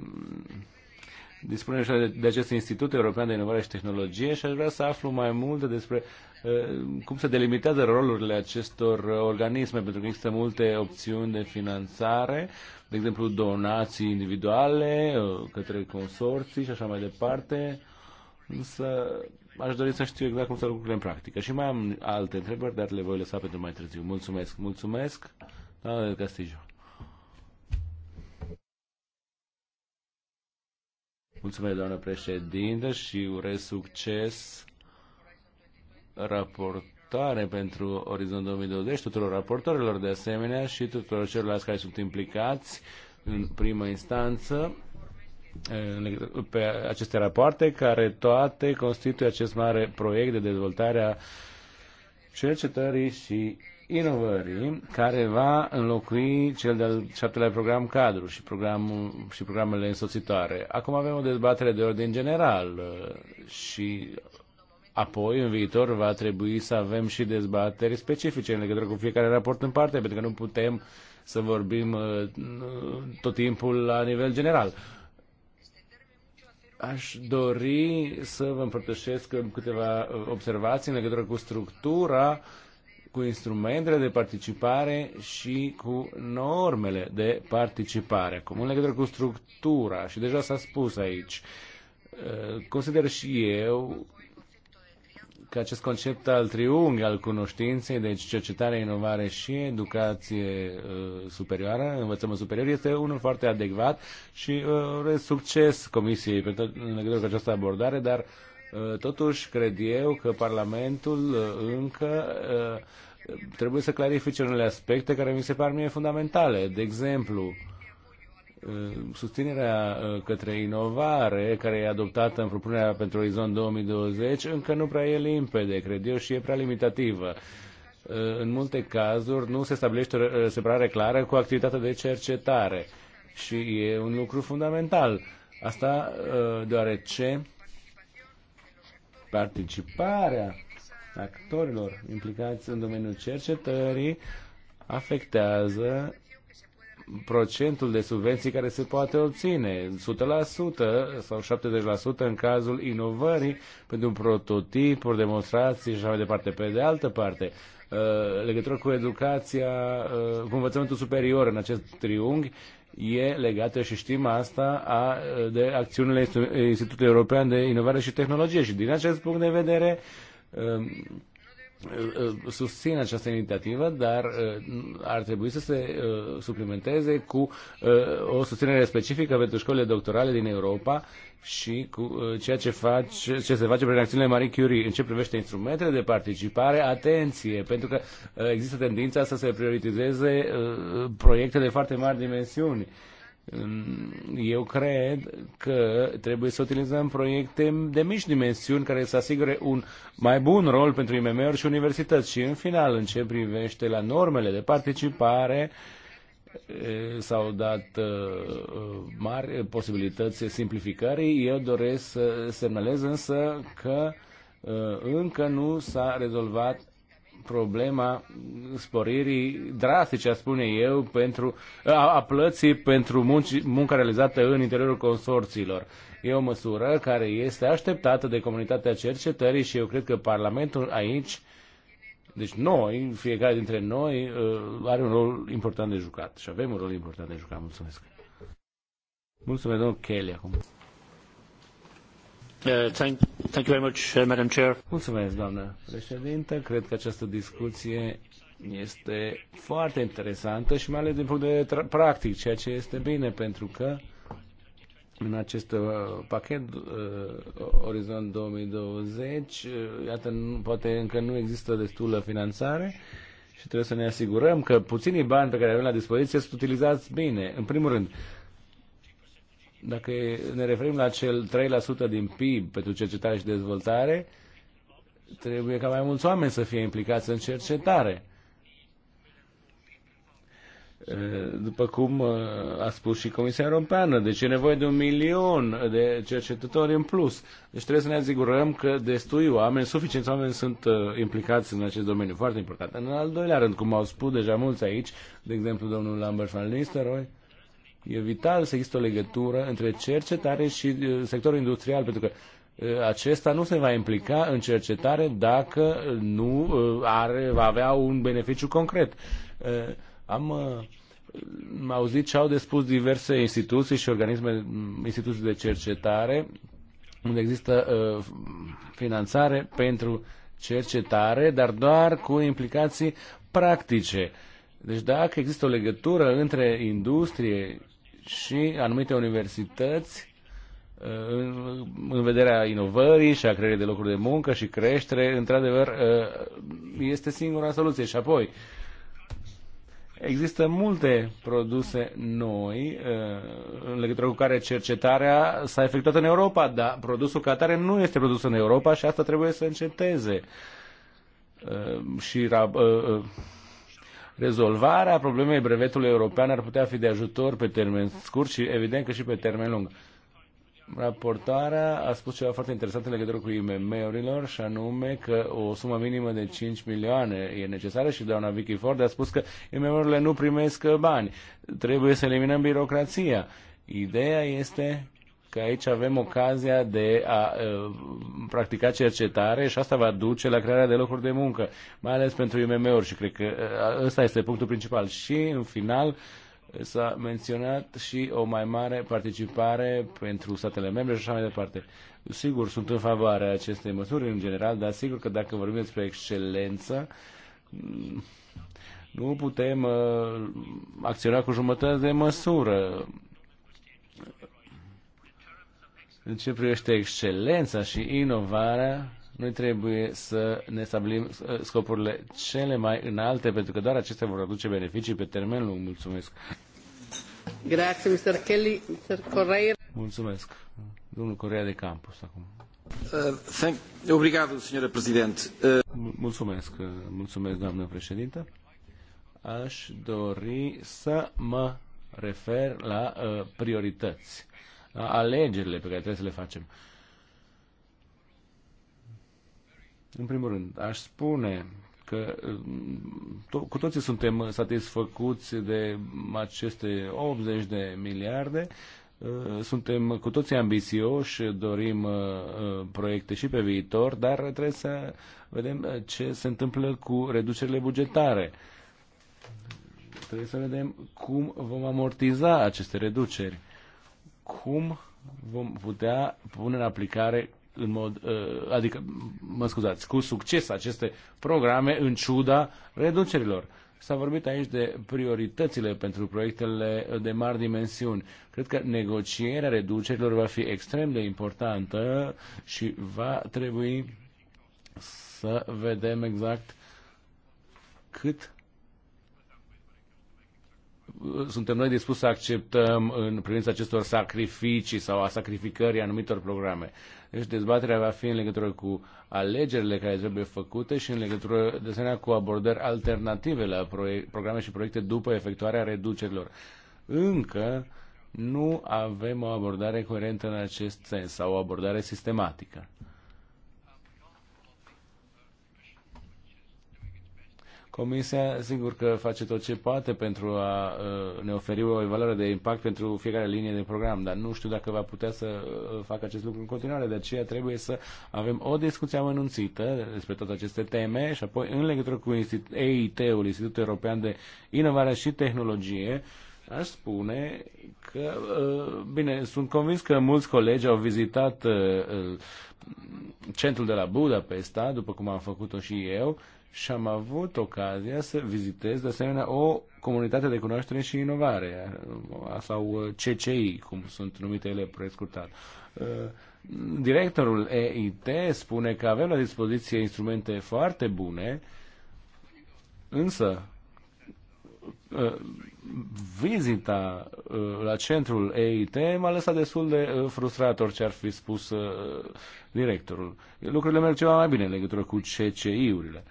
dispune și de acest Institut European de Inovare și Tehnologie și aș vrea să aflu mai multe despre uh, cum se delimitează rolurile acestor organisme, pentru că există multe opțiuni de finanțare, de exemplu donații individuale uh, către consorții și așa mai departe, însă aș dori să știu exact cum se lucrurile în practică. Și mai am alte întrebări, dar le voi lăsa pentru mai târziu. Mulțumesc, mulțumesc, doamna Castillo. Mulțumesc, doamnă președinte și urez succes raportare pentru Orizont 2020, tuturor raportorilor de asemenea și tuturor celorlalți care sunt implicați în primă instanță pe aceste rapoarte, care toate constituie acest mare proiect de dezvoltare a cercetării și inovării, care va înlocui cel de-al șaptelea program cadru și, programul, și programele însoțitoare. Acum avem o dezbatere de ordin general uh, și apoi, în viitor, va trebui să avem și dezbateri specifice în legătură cu fiecare raport în parte, pentru că nu putem să vorbim uh, tot timpul la nivel general. Aș dori să vă împărtășesc câteva uh, observații în legătură cu structura uh, cu instrumentele de participare și cu normele de participare. Acum, în legătură cu structura, și deja s-a spus aici, uh, consider și eu că acest concept al triunghi al cunoștinței, deci cercetare, inovare și educație uh, superioară, învățământ superior, este unul foarte adecvat și uh, succes Comisiei pentru, în legătură cu această abordare, dar uh, Uh, totuși, cred eu că Parlamentul uh, încă uh, trebuie să clarifice unele aspecte care mi se par mie fundamentale. De exemplu, susținerea către inovare care e adoptată în propunerea pentru Orizont 2020 încă nu prea e limpede, cred eu, și e prea limitativă. În multe cazuri nu se stabilește o separare clară cu activitatea de cercetare și e un lucru fundamental. Asta deoarece participarea actorilor implicați în domeniul cercetării afectează procentul de subvenții care se poate obține, 100% sau 70% în cazul inovării pentru prototipuri, demonstrații și așa mai departe. Pe de altă parte, uh, legătură cu educația, uh, cu învățământul superior în acest triunghi, e legată și știm asta a, de acțiunile Institutului European de Inovare și Tehnologie și din acest punct de vedere um, uh, uh, susțin această inițiativă, dar uh, ar trebui să se suplimenteze cu o susținere specifică pentru școlile doctorale din Europa și cu uh, ceea ce, face, ce se face prin acțiunile Marie Curie în ce privește instrumentele de participare, atenție, pentru că uh, există tendința să se prioritizeze uh, proiecte de foarte mari dimensiuni. Mm, eu cred că trebuie să utilizăm proiecte de mici dimensiuni care să asigure un mai bun rol pentru IMM-uri și universități. Și în final, în ce privește la normele de participare, uh, Eh, s-au dat eh, mari posibilități simplificării. Eu doresc să semnalez însă că eh, încă nu s-a rezolvat problema sporirii drastice, a spune eu, pentru, a, a plății pentru munci, munca realizată în interiorul consorțiilor. E o măsură care este așteptată de comunitatea cercetării și eu cred că Parlamentul aici uh, deci noi, fiecare dintre noi, uh, are un rol important de jucat și avem un rol important de jucat. Mulțumesc. Mulțumesc, domnul Kelly, acum. Uh, thank, thank you very much, uh, Madam Chair. Mulțumesc, doamnă președintă. Cred că această discuție este foarte interesantă și mai ales din punct de vedere practic, ceea ce este bine, pentru că în acest uh, pachet uh, Orizont 2020. Uh, iată, poate încă nu există destulă finanțare și trebuie să ne asigurăm că puținii bani pe care avem la dispoziție sunt utilizați bine. În primul rând, dacă ne referim la cel 3% din PIB pentru cercetare și dezvoltare, trebuie ca mai mulți oameni să fie implicați în cercetare după cum uh, a spus și Comisia Europeană. Deci e nevoie de un milion de cercetători în plus. Deci trebuie să ne asigurăm că destui oameni, suficienți oameni sunt uh, implicați în acest domeniu. Foarte important. În al doilea rând, cum au spus deja mulți aici, de exemplu domnul Lambert van Nistelrooy, e vital să există o legătură între cercetare și uh, sectorul industrial, pentru că acesta nu se va implica în cercetare dacă nu are, va avea un beneficiu concret am uh, auzit ce au de spus diverse instituții și organisme, instituții de cercetare, unde există uh, finanțare pentru cercetare, dar doar cu implicații practice. Deci dacă există o legătură între industrie și anumite universități, uh, în vederea inovării și a creării de locuri de muncă și creștere, într-adevăr, uh, este singura soluție. Și apoi, Există multe produse noi uh, în legătură cu care cercetarea s-a efectuat în Europa, dar produsul ca atare nu este produs în Europa și asta trebuie să înceteze. Uh, și uh, rezolvarea problemei brevetului european ar putea fi de ajutor pe termen scurt și evident că și pe termen lung. Raportarea a spus ceva foarte interesant în legătură cu IMM-urilor și anume că o sumă minimă de 5 milioane e necesară și doamna Vicky Ford a spus că IMM-urile nu primesc bani. Trebuie să eliminăm birocrația. Ideea este că aici avem ocazia de a uh, practica cercetare și asta va duce la crearea de locuri de muncă, mai ales pentru IMM-uri și cred că uh, ăsta este punctul principal. Și în final, uh, s-a menționat și o mai mare participare pentru statele membre și așa mai departe. Sigur, sunt în favoarea acestei măsuri în general, dar sigur că dacă vorbim despre excelență, nu putem uh, acționa cu jumătate de măsură. În ce privește excelența și inovarea, noi trebuie să ne stabilim uh, scopurile cele mai înalte, pentru că doar acestea vor aduce beneficii pe termen lung. Mulțumesc! Grazie, Mr. Kelly. Mr. Correia. Mulțumesc. Domnul Correa de Campos acum. Uh, thank... Obrigado, Uh... Mulțumesc, uh, mulțumesc, doamnă președintă. Aș dori să mă refer la uh, priorități, la alegerile pe care trebuie să le facem. În primul rând, aș spune că um, to- cu toții suntem satisfăcuți de aceste 80 de miliarde, uh, suntem cu toții ambițioși, dorim uh, uh, proiecte și pe viitor, dar trebuie să vedem ce se întâmplă cu reducerile bugetare. Trebuie să vedem cum vom amortiza aceste reduceri, cum vom putea pune în aplicare în mod, uh, adică, mă scuzați, cu succes aceste programe în ciuda reducerilor. S-a vorbit aici de prioritățile pentru proiectele de mari dimensiuni. Cred că negocierea reducerilor va fi extrem de importantă și va trebui să vedem exact cât uh, suntem noi dispuși să acceptăm în privința acestor sacrificii sau a sacrificării anumitor programe. Deci dezbaterea va fi în legătură cu alegerile care trebuie făcute și în legătură de asemenea cu abordări alternative la proiect, programe și proiecte după efectuarea reducerilor. Încă nu avem o abordare coerentă în acest sens sau o abordare sistematică. Comisia, sigur că face tot ce poate pentru a ă, ne oferi o evaluare de impact pentru fiecare linie de program, dar nu știu dacă va putea să ă, facă acest lucru în continuare, de aceea trebuie să avem o discuție amănunțită despre toate aceste teme și apoi în legătură cu EIT-ul, Institutul European de Inovare și Tehnologie, Aș spune că, ă, bine, sunt convins că mulți colegi au vizitat centrul de la Budapesta, după cum am făcut-o și eu, și am avut ocazia să vizitez de asemenea o comunitate de cunoaștere și inovare, sau uh, CCI, cum sunt numite ele prescurtat. Uh, directorul EIT spune că avem la dispoziție instrumente foarte bune, însă uh, vizita la centrul EIT m-a lăsat destul de frustrat orice ar fi spus directorul. Lucrurile merg ceva mai bine în legătură cu CCI-urile.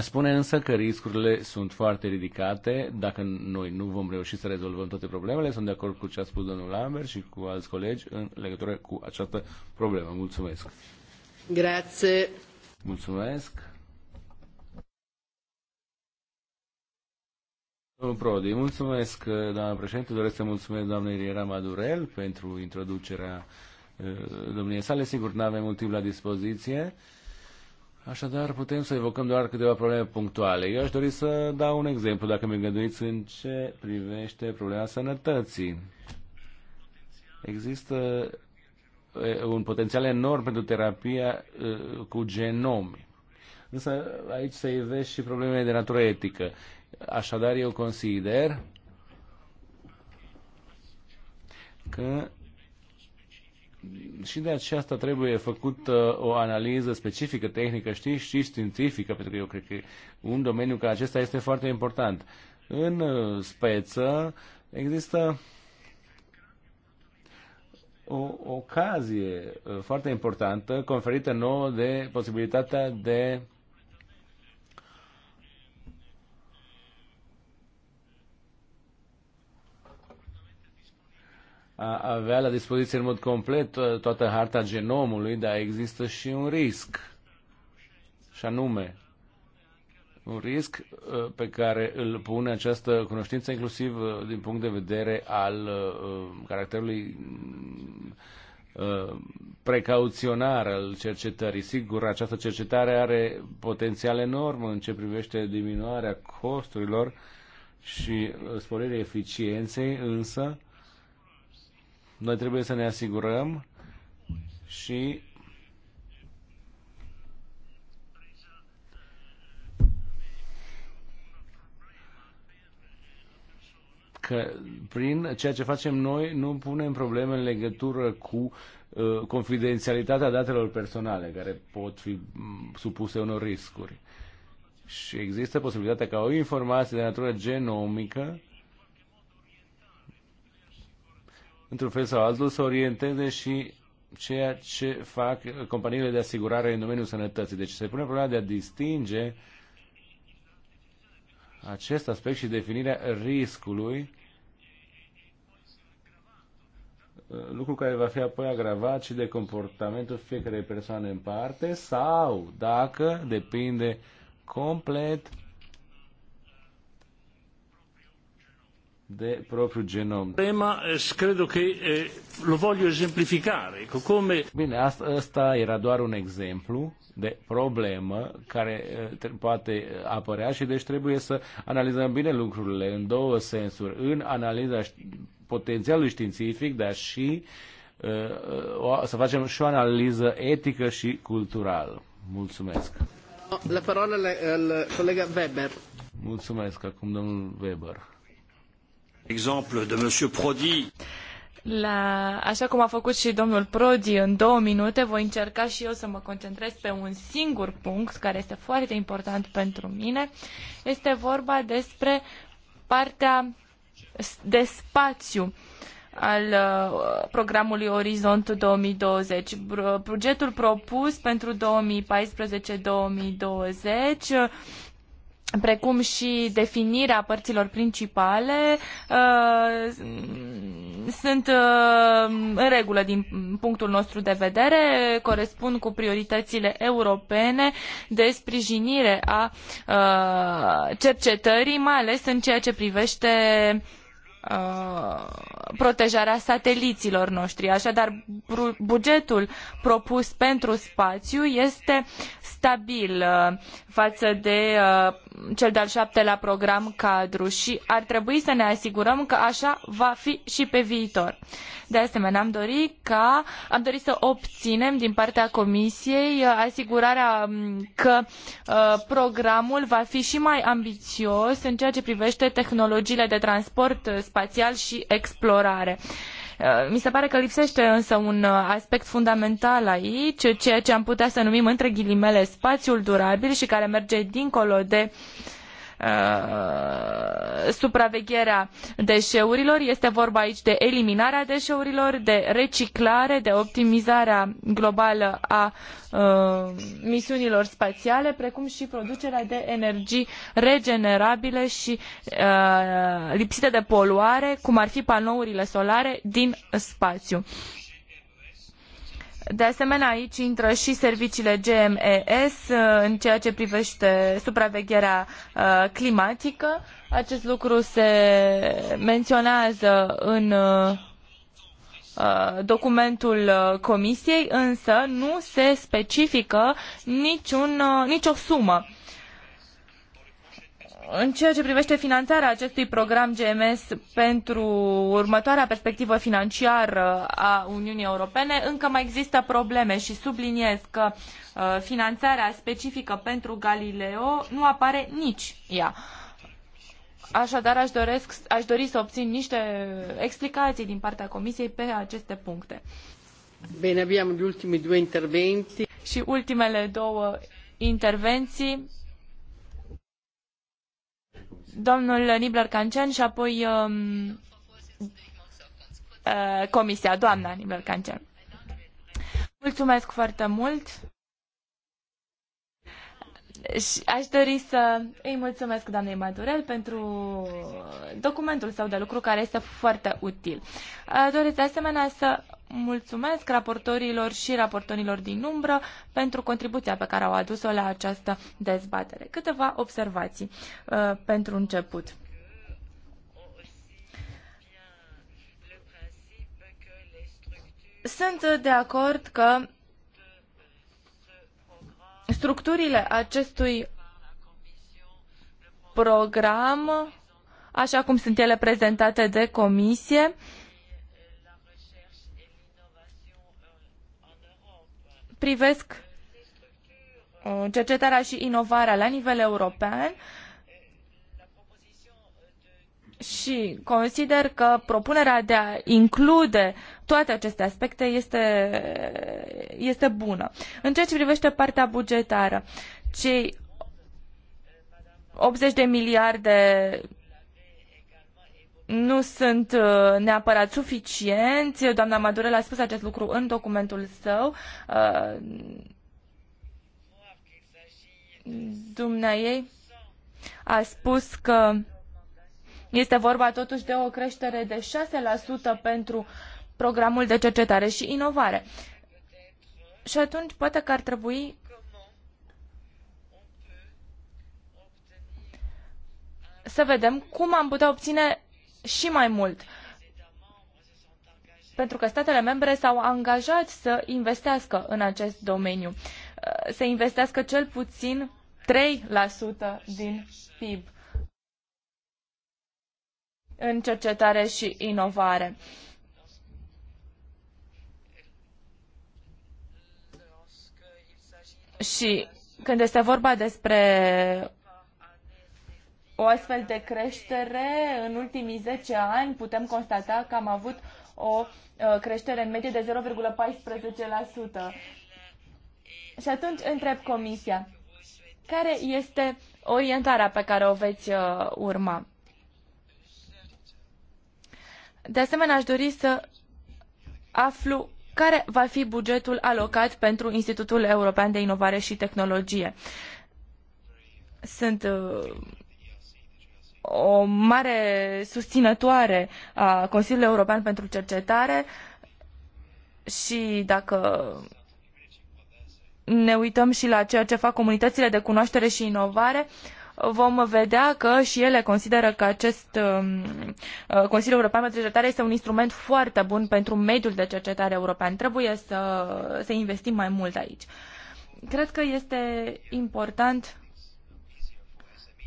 Spune însă că riscurile sunt foarte ridicate dacă noi nu vom reuși să rezolvăm toate problemele. Sunt de acord cu ce a spus domnul Lambert și cu alți colegi în legătură cu această problemă. Mulțumesc! Grazie! Mulțumesc! Domnul Prodi, mulțumesc, doamna președinte. Doresc să mulțumesc doamnei Riera Madurel pentru introducerea uh, domniei sale. Sigur, nu avem mult timp la dispoziție Așadar, putem să evocăm doar câteva probleme punctuale. Eu aș dori să dau un exemplu, dacă mi gânduiți în ce privește problema sănătății. Există un potențial enorm pentru terapia cu genomi. Însă aici se ivește și problemele de natură etică. Așadar, eu consider că și de aceasta trebuie făcută o analiză specifică, tehnică, știi, și științifică, pentru că eu cred că un domeniu ca acesta este foarte important. În uh, speță există o ocazie uh, foarte importantă conferită nouă de posibilitatea de a avea la dispoziție în mod complet uh, toată harta genomului, dar există și un risc. Și anume, un risc uh, pe care îl pune această cunoștință, inclusiv uh, din punct de vedere al caracterului precauționar al cercetării. Sigur, această cercetare are potențial enorm în ce privește diminuarea costurilor și sporirea eficienței, însă noi trebuie să ne asigurăm și că prin ceea ce facem noi nu punem probleme în legătură cu uh, confidențialitatea datelor personale care pot fi mm, supuse unor riscuri. Și există posibilitatea ca o informație de natură genomică într-un fel sau altul, să orienteze și ceea ce fac companiile de asigurare în domeniul sănătății. Deci se pune problema de a distinge acest aspect și definirea riscului, lucru care va fi apoi agravat și de comportamentul fiecarei persoane în parte sau dacă depinde complet de propriul genom. Tema, eh, cred că eh, lo voglio esemplificare. Come... Bine, asta, asta era doar un exemplu de problemă care eh, poate apărea și deci trebuie să analizăm bine lucrurile în două sensuri. În analiza potențialului științific, dar și să facem și o analiză etică și culturală. Mulțumesc. La parola al colega Weber. Mulțumesc acum domnul Weber. Exemple de Monsieur Prodi. La, așa cum a făcut și domnul Prodi în două minute, voi încerca și eu să mă concentrez pe un singur punct care este foarte important pentru mine. Este vorba despre partea de spațiu al uh, programului Orizont 2020. Bugetul propus pentru 2014-2020 precum și definirea părților principale, uh, sunt uh, în regulă din punctul nostru de vedere, corespund cu prioritățile europene de sprijinire a uh, cercetării, mai ales în ceea ce privește uh, protejarea sateliților noștri. Așadar, bugetul propus pentru spațiu este stabil uh, față de uh, cel de-al șaptelea program cadru și ar trebui să ne asigurăm că așa va fi și pe viitor. De asemenea, am dorit ca am dorit să obținem din partea comisiei uh, asigurarea um, că uh, programul va fi și mai ambițios în ceea ce privește tehnologiile de transport uh, spațial și explorare. Uh, mi se pare că lipsește însă un uh, aspect fundamental aici, ceea ce am putea să numim între ghilimele spațiul durabil și care merge dincolo de uh, Uh, supravegherea deșeurilor. Este vorba aici de eliminarea deșeurilor, de reciclare, de optimizarea globală a uh, misiunilor spațiale, precum și producerea de energii regenerabile și uh, lipsite de poluare, cum ar fi panourile solare din spațiu. De asemenea, aici intră și serviciile GMES uh, în ceea ce privește supravegherea uh, climatică. Acest lucru se menționează în uh, documentul Comisiei, însă nu se specifică niciun, nicio sumă în ceea ce privește finanțarea acestui program GMS pentru următoarea perspectivă financiară a Uniunii Europene, încă mai există probleme și subliniez că uh, finanțarea specifică pentru Galileo nu apare nici ea. Așadar, aș, doresc, aș dori să obțin niște explicații din partea Comisiei pe aceste puncte. Bine, avem ultimii două due Și ultimele două intervenții Domnul Nibler Cancen și apoi um, uh, Comisia, doamna Nibler Cancen. Mulțumesc foarte mult. Și aș dori să îi mulțumesc doamnei Madurel pentru documentul său de lucru care este foarte util. Doresc de asemenea să mulțumesc raportorilor și raportorilor din umbră pentru contribuția pe care au adus-o la această dezbatere. Câteva observații pentru început. Sunt de acord că structurile acestui program, așa cum sunt ele prezentate de comisie, privesc uh, cercetarea și inovarea la nivel european și consider că propunerea de a include toate aceste aspecte este, este bună. În ceea ce privește partea bugetară, cei 80 de miliarde nu sunt uh, neapărat suficienți. Doamna Madurel a spus acest lucru în documentul său. Uh, dumnea ei a spus că este vorba totuși de o creștere de 6% pentru programul de cercetare și inovare. Și atunci poate că ar trebui să vedem cum am putea obține și mai mult. Pentru că statele membre s-au angajat să investească în acest domeniu, să investească cel puțin 3% din PIB în cercetare și inovare. Și când este vorba despre o astfel de creștere, în ultimii 10 ani putem constata că am avut o uh, creștere în medie de 0,14%. Și atunci întreb Comisia, care este orientarea pe care o veți uh, urma? De asemenea, aș dori să aflu care va fi bugetul alocat pentru Institutul European de Inovare și Tehnologie. Sunt uh, o mare susținătoare a Consiliului European pentru Cercetare și dacă ne uităm și la ceea ce fac comunitățile de cunoaștere și inovare, uh, vom vedea că și ele consideră că acest um, uh, Consiliul European pentru Cercetare este un instrument foarte bun pentru mediul de cercetare european. Trebuie să, să investim mai mult aici. Cred că este important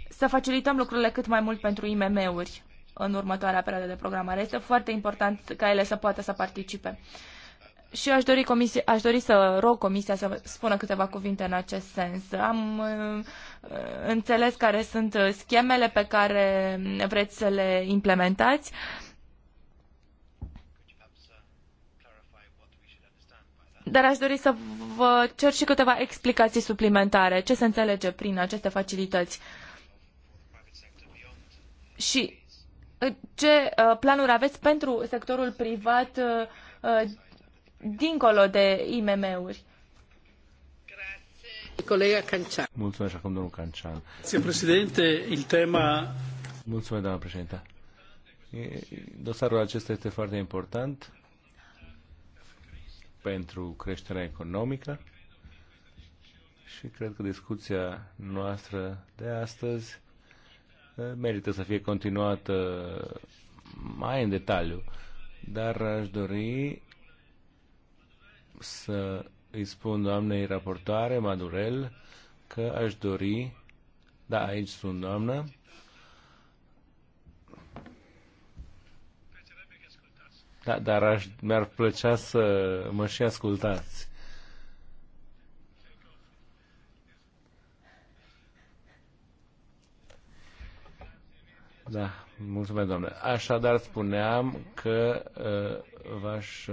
să facilităm lucrurile cât mai mult pentru IMM-uri în următoarea perioadă de programare. Este foarte important ca ele să poată să participe. Uh, și aș dori, comisie, aș dori să rog Comisia să spună câteva cuvinte în acest sens. Am uh, înțeles care sunt schemele pe care vreți să le implementați. Dar aș dori să vă cer și câteva explicații suplimentare. Ce se înțelege prin aceste facilități? Și uh, ce uh, planuri aveți pentru sectorul privat dincolo de IMM-uri. Colega Cancian. Mulțumesc acum domnul Cancian. președinte, il tema... Mulțumesc, doamna președinte. Dosarul acesta este foarte important pentru creșterea economică și cred că discuția noastră de astăzi merită să fie continuată mai în detaliu, dar aș dori să îi spun doamnei raportoare Madurel că aș dori, da, aici sunt doamnă, da, dar aș, mi-ar plăcea să mă și ascultați. Da, mulțumesc, doamne. Așadar, spuneam că uh, v-aș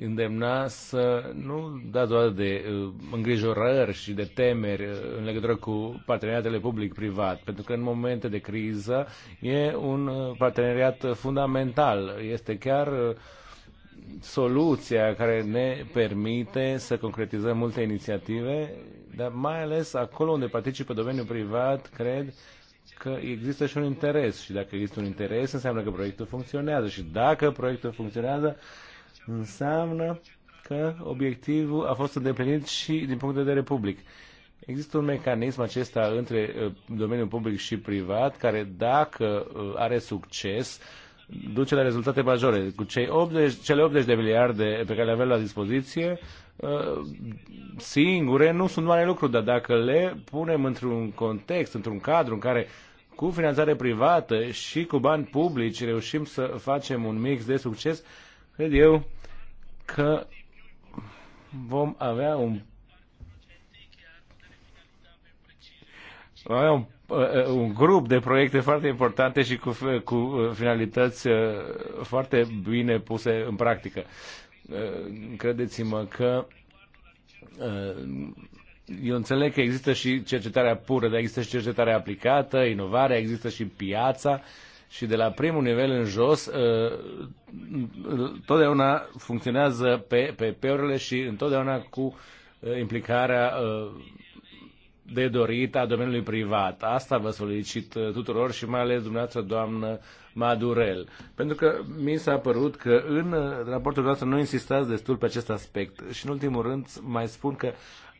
îndemna să nu dați doar de uh, îngrijorări și de temeri uh, în legătură cu parteneriatele public-privat, pentru că în momente de criză e un uh, parteneriat fundamental, este chiar soluția care ne permite să concretizăm multe inițiative, dar mai ales acolo unde participă domeniul privat, cred, că există și un interes și dacă există un interes înseamnă că proiectul funcționează și dacă proiectul funcționează înseamnă că obiectivul a fost îndeplinit și din punct de vedere public. Există un mecanism acesta între uh, domeniul public și privat care, dacă uh, are succes, duce la rezultate majore. Cu cei 80, cele 80 de miliarde pe care le avem la dispoziție, uh, singure nu sunt mare lucru, dar dacă le punem într-un context, într-un cadru în care cu finanțare privată și cu bani publici reușim să facem un mix de succes, cred eu că vom avea un Avem un, uh, un grup de proiecte foarte importante și cu, cu finalități uh, foarte bine puse în practică. Uh, credeți-mă că eu înțeleg că există și cercetarea pură, dar există și cercetarea aplicată, inovarea, există și piața și de la primul nivel în jos uh, totdeauna funcționează pe, pe peurile și întotdeauna cu uh, implicarea uh, de dorit a domeniului privat. Asta vă solicit tuturor și mai ales dumneavoastră, doamnă Madurel. Pentru că mi s-a părut că în raportul dumneavoastră nu insistați destul pe acest aspect. Și în ultimul rând mai spun că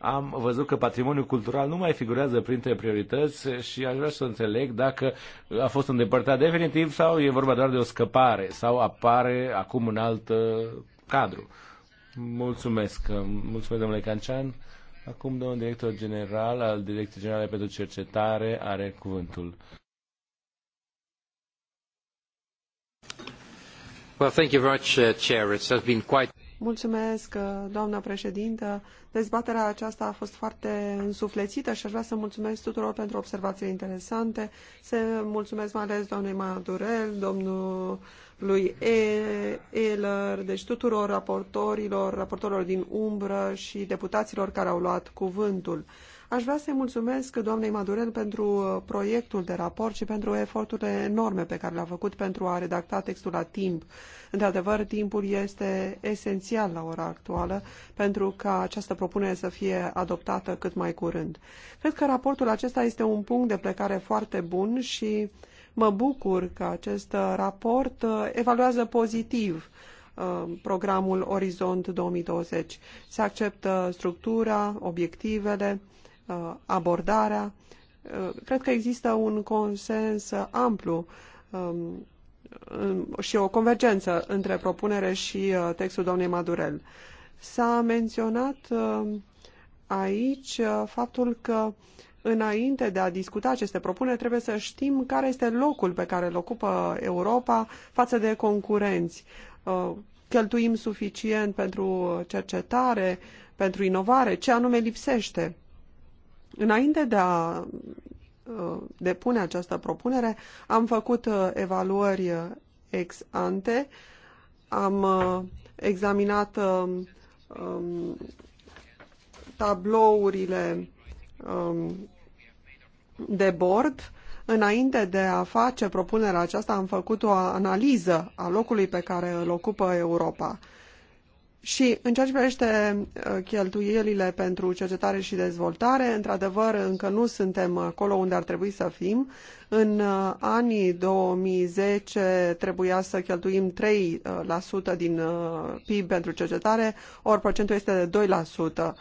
am văzut că patrimoniul cultural nu mai figurează printre priorități și aș vrea să înțeleg dacă a fost îndepărtat definitiv sau e vorba doar de o scăpare sau apare acum în alt uh, cadru. Mulțumesc. Uh, mulțumesc, domnule Cancian. Acum domnul director general al Direcției Generale pentru Cercetare are cuvântul. Well, thank you very much, uh, Chair. It has been quite... Mulțumesc, uh, doamna președintă. Dezbaterea aceasta a fost foarte însuflețită și aș vrea să mulțumesc tuturor pentru observații interesante. Să mulțumesc mai ales doamnei Madurel, domnului Eller, deci tuturor raportorilor, raportorilor din umbră și deputaților care au luat cuvântul. Aș vrea să-i mulțumesc doamnei Madurel pentru uh, proiectul de raport și pentru eforturile enorme pe care le-a făcut pentru a redacta textul la timp. Într-adevăr, timpul este esențial la ora actuală pentru ca această propunere să fie adoptată cât mai curând. Cred că raportul acesta este un punct de plecare foarte bun și mă bucur că acest uh, raport uh, evaluează pozitiv programul Orizont 2020. Se acceptă structura, obiectivele Uh, abordarea. Uh, cred că există un consens amplu um, și o convergență între propunere și uh, textul domnului Madurel. S-a menționat aici faptul că înainte de a discuta aceste propuneri, trebuie să știm care este locul pe care îl ocupă Europa față de concurenți. Cheltuim suficient pentru cercetare, pentru inovare, ce anume lipsește. Înainte de a uh, depune această propunere, am făcut uh, evaluări uh, ex ante, am examinat um, tablourile um, de bord. Înainte de a face propunerea aceasta, am făcut o analiză a locului pe care îl ocupă Europa. Și în ceea ce privește uh, cheltuielile pentru cercetare și dezvoltare, într-adevăr, încă nu suntem acolo unde ar trebui să fim. În uh, anii 2010 trebuia să cheltuim 3% uh, din PIB pentru cercetare, ori procentul este de 2%.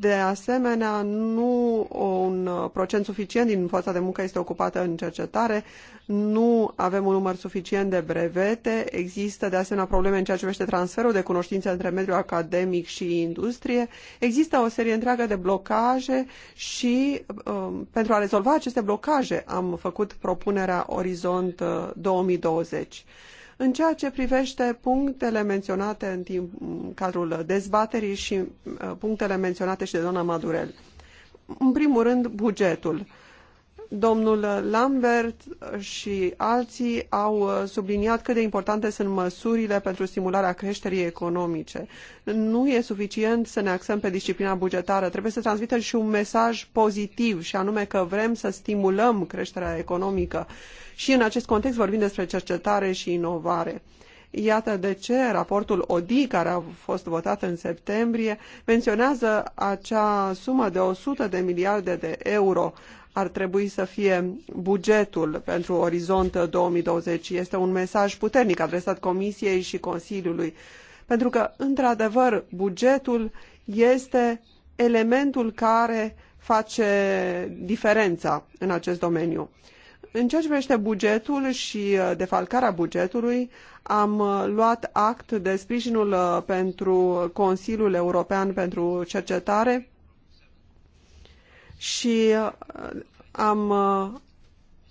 De asemenea, nu un uh, procent suficient din forța de muncă este ocupată în cercetare, nu avem un număr suficient de brevete, există de asemenea probleme în ceea ce privește transferul de cunoștințe între mediul academic și industrie, există o serie întreagă de blocaje și um, pentru a rezolva aceste blocaje am făcut propunerea Orizont 2020. Uh, în ceea ce privește punctele menționate în, timp, cadrul dezbaterii și uh, punctele menționate și de doamna Madurel, în primul rând, bugetul. Domnul Lambert și alții au uh, subliniat cât de importante sunt măsurile pentru stimularea creșterii economice. Nu e suficient să ne axăm pe disciplina bugetară, trebuie să transmitem și un mesaj pozitiv, și anume că vrem să stimulăm creșterea economică și în acest context vorbim despre cercetare și inovare. Iată de ce raportul ODI, care a fost votat în septembrie, menționează acea sumă de 100 de miliarde de euro ar trebui să fie bugetul pentru Orizont 2020. Este un mesaj puternic adresat Comisiei și Consiliului, pentru că, într-adevăr, bugetul este elementul care face diferența în acest domeniu. În ceea ce privește bugetul și uh, defalcarea bugetului, am uh, luat act de sprijinul uh, pentru Consiliul European pentru Cercetare și am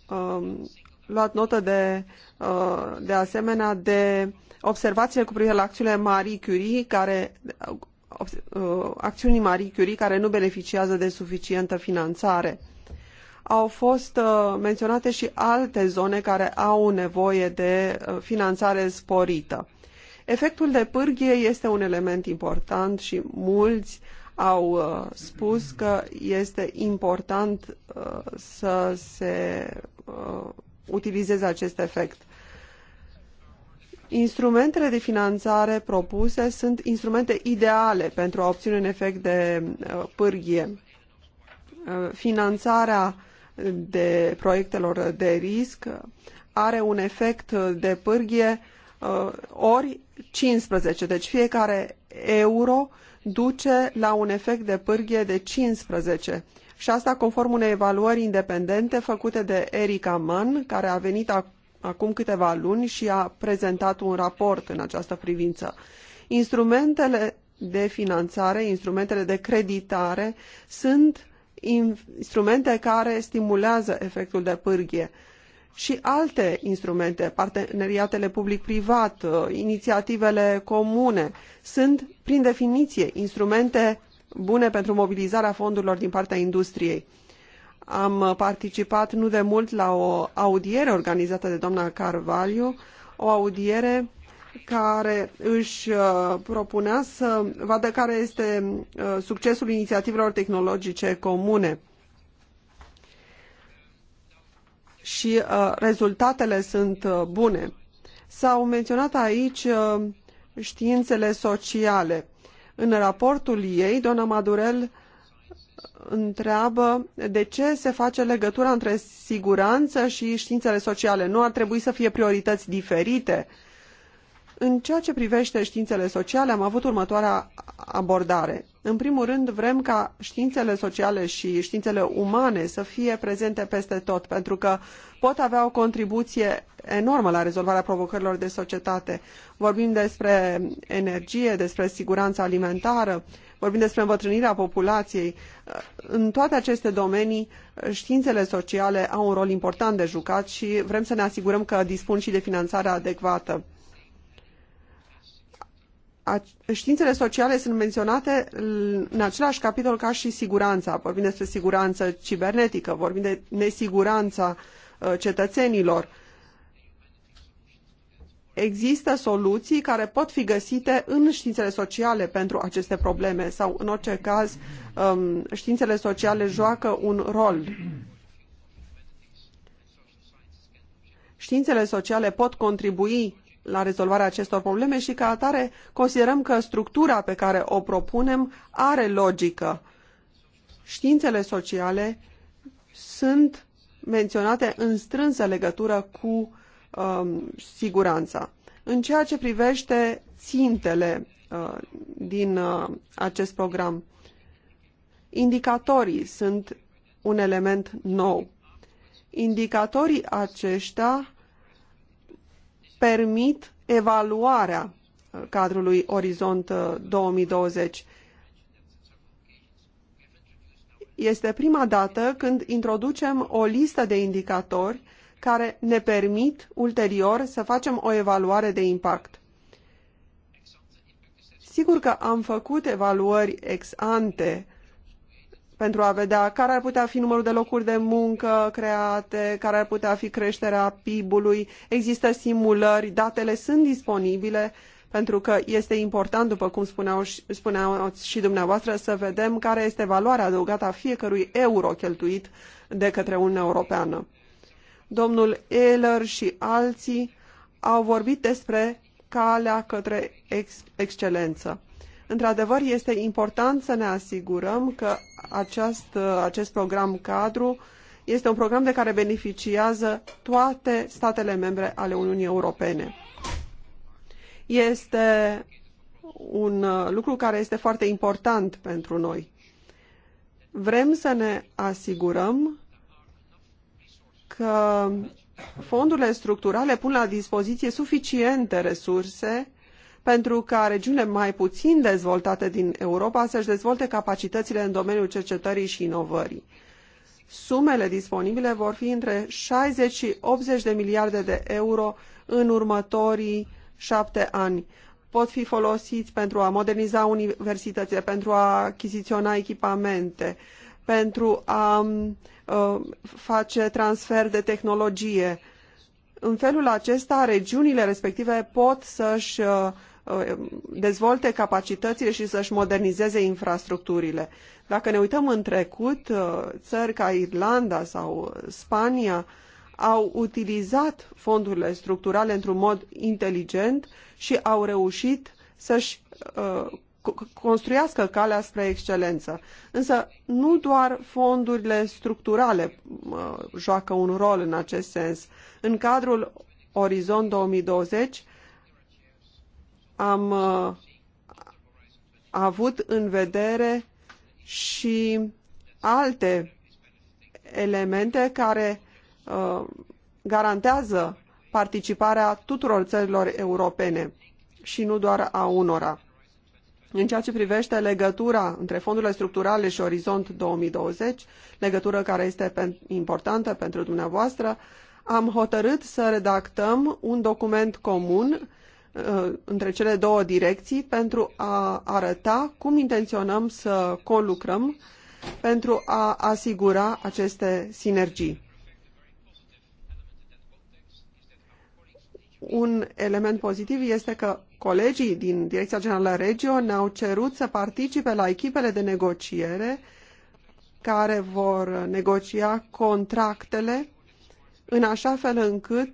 um, luat notă de, de asemenea de observațiile cu privire la acțiunile Marie Curie, care, acțiunii Marie Curie care nu beneficiază de suficientă finanțare au fost uh, menționate și alte zone care au nevoie de uh, finanțare sporită. Efectul de pârghie este un element important și mulți au uh, spus că este important să se utilizeze acest efect. Instrumentele de finanțare propuse sunt instrumente ideale pentru a obține un efect de pârghie. Finanțarea de proiectelor de risc are un efect de pârghie uh, ori 15, deci fiecare euro duce la un efect de pârghie de 15. Și asta conform unei evaluări independente făcute de Erica Mann, care a venit acum câteva luni și a prezentat un raport în această privință. Instrumentele de finanțare, instrumentele de creditare sunt instrumente care stimulează efectul de pârghie și alte instrumente, parteneriatele public-privat, uh, inițiativele comune, sunt, prin definiție, instrumente bune pentru mobilizarea fondurilor din partea industriei. Am participat nu de mult la o audiere organizată de doamna Carvalho, o audiere care își uh, propunea să vadă care este uh, succesul inițiativelor tehnologice comune. Și uh, rezultatele sunt bune. S-au menționat aici științele sociale. În raportul ei, doamna Madurel întreabă de ce se face legătura între siguranță și științele sociale. Nu ar trebui să fie priorități diferite? Uh, în ceea ce privește științele sociale, am avut următoarea abordare. În primul rând, vrem ca științele sociale și științele umane să fie prezente peste tot, pentru că pot avea o contribuție enormă la rezolvarea provocărilor de societate. Vorbim despre energie, despre siguranța alimentară, vorbim despre îmbătrânirea populației. În toate aceste domenii, științele sociale au un rol important de jucat și vrem să ne asigurăm că dispun și de finanțare adecvată științele sociale sunt menționate în același capitol ca și siguranța. Vorbim despre siguranță cibernetică, vorbim de nesiguranța uh, cetățenilor. Există soluții care pot fi găsite în științele sociale pentru aceste probleme sau, în orice caz, um, științele sociale joacă un rol. Științele sociale pot contribui la rezolvarea acestor probleme și ca atare considerăm că structura pe care o propunem are logică. Științele sociale sunt menționate în strânsă legătură cu um, siguranța. În ceea ce privește țintele uh, din uh, acest program, indicatorii sunt un element nou. Indicatorii aceștia permit evaluarea cadrului Orizont 2020. Uh, este prima dată când introducem o listă de indicatori care ne permit ulterior să facem o evaluare de impact. Sigur că am făcut evaluări ex ante pentru a vedea care ar putea fi numărul de locuri de muncă create, care ar putea fi creșterea PIB-ului. Există simulări, datele sunt disponibile pentru că este important, după cum spuneau, spuneați și dumneavoastră, să vedem care este valoarea adăugată a fiecărui euro cheltuit de către Uniunea Europeană. Domnul Ehler și alții au vorbit despre calea către ex- excelență. Într-adevăr, este important să ne asigurăm că acest, acest program cadru este un program de care beneficiază toate statele membre ale Uniunii Europene. Este un uh, lucru care este foarte important pentru noi. Vrem să ne asigurăm că fondurile structurale pun la dispoziție suficiente resurse pentru ca regiunile mai puțin dezvoltate din Europa să-și dezvolte capacitățile în domeniul cercetării și inovării. Sumele disponibile vor fi între 60 și 80 de miliarde de euro în următorii șapte ani. Pot fi folosiți pentru a moderniza universitățile, pentru a achiziționa echipamente, pentru a um, uh, face transfer de tehnologie. În felul acesta, regiunile respective pot să-și uh, Uh, dezvolte capacitățile și să-și modernizeze infrastructurile. Dacă ne uităm în trecut, uh, țări ca Irlanda sau Spania au utilizat fondurile structurale într-un mod inteligent și au reușit să-și uh, construiască calea spre excelență. Însă nu doar fondurile structurale joacă un rol în acest sens. În cadrul Orizont 2020 am uh, avut în vedere și alte elemente care uh, garantează participarea tuturor țărilor europene și nu doar a unora. În ceea ce privește legătura între fondurile structurale și Orizont 2020, legătură care este importantă pentru dumneavoastră, am hotărât să redactăm un document comun Uh, între cele două direcții pentru a arăta cum intenționăm să conlucrăm pentru a asigura aceste sinergii. Un element pozitiv este că colegii din Direcția Generală Regio ne-au cerut să participe la echipele de negociere care vor negocia contractele în așa fel încât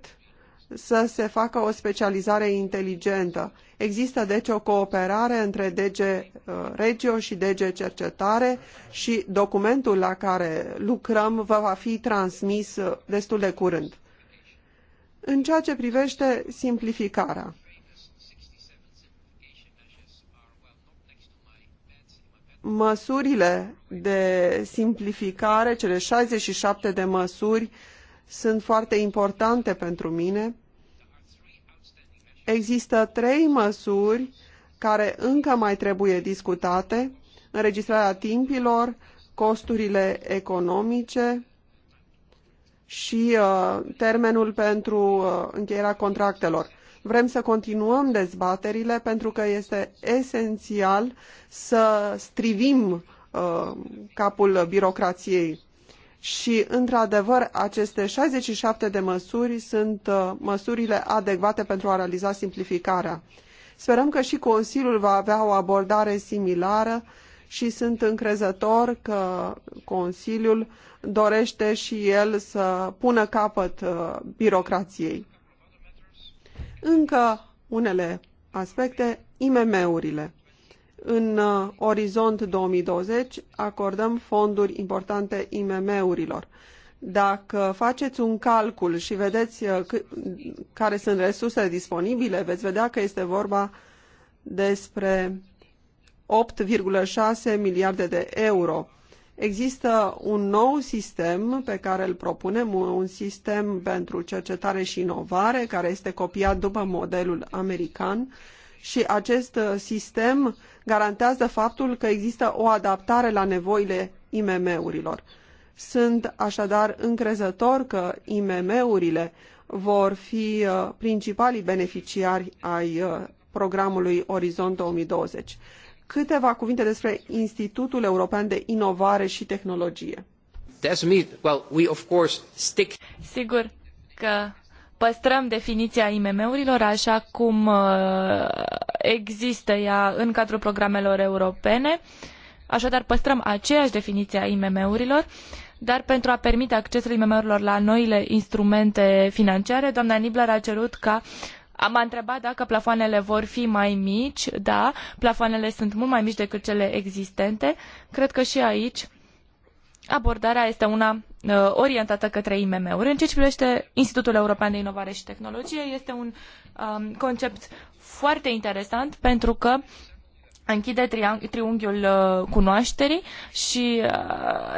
să se facă o specializare inteligentă. Există deci o cooperare între DG uh, Regio și DG Cercetare și documentul la care lucrăm vă va fi transmis uh, destul de curând. În ceea ce privește simplificarea, măsurile de simplificare, cele 67 de măsuri sunt foarte importante pentru mine. Există trei măsuri care încă mai trebuie discutate, înregistrarea timpilor, costurile economice și uh, termenul pentru uh, încheierea contractelor. Vrem să continuăm dezbaterile pentru că este esențial să strivim uh, capul birocrației și, într-adevăr, aceste 67 de măsuri sunt uh, măsurile adecvate pentru a realiza simplificarea. Sperăm că și Consiliul va avea o abordare similară și sunt încrezător că Consiliul dorește și el să pună capăt uh, birocrației. Încă unele aspecte, IMM-urile. În uh, orizont 2020 acordăm fonduri importante IMM-urilor. Dacă faceți un calcul și vedeți uh, care sunt resursele disponibile, veți vedea că este vorba despre 8,6 miliarde de euro. Există un nou sistem pe care îl propunem, un sistem pentru cercetare și inovare, care este copiat după modelul american și acest uh, sistem garantează faptul că există o adaptare la nevoile IMM-urilor. Sunt așadar încrezător că IMM-urile vor fi uh, principalii beneficiari ai uh, programului Orizont 2020. Câteva cuvinte despre Institutul European de Inovare și Tehnologie. Sigur că păstrăm definiția IMM-urilor așa cum uh, există ea în cadrul programelor europene. Așadar, păstrăm aceeași definiție a IMM-urilor, dar pentru a permite accesul IMM-urilor la noile instrumente financiare, doamna Nibler a cerut ca am întrebat dacă plafoanele vor fi mai mici. Da, plafoanele sunt mult mai mici decât cele existente. Cred că și aici abordarea este una uh, orientată către IMM-uri. În ceea ce privește Institutul European de Inovare și Tehnologie, este un um, concept foarte interesant pentru că închide triunghiul uh, cunoașterii și uh,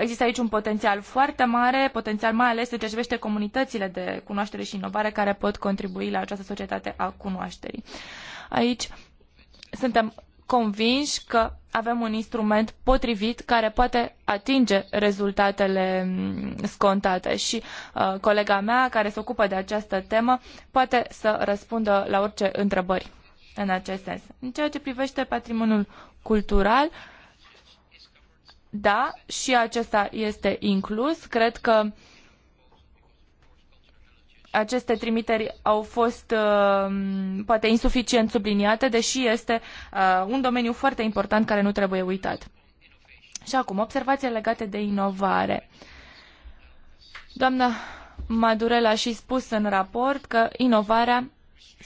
există aici un potențial foarte mare, potențial mai ales în ceea ce privește comunitățile de cunoaștere și inovare care pot contribui la această societate a cunoașterii. Aici suntem convinși că avem un instrument potrivit care poate atinge rezultatele mm, scontate și uh, colega mea care se ocupă de această temă poate să răspundă la orice întrebări în acest sens. În ceea ce privește patrimoniul cultural, da, și acesta este inclus. Cred că uh, aceste trimiteri au fost uh, poate insuficient subliniate, deși este uh, un domeniu foarte important care nu trebuie uitat. Și acum, observații legate de inovare. Doamna Madurela și spus în raport că inovarea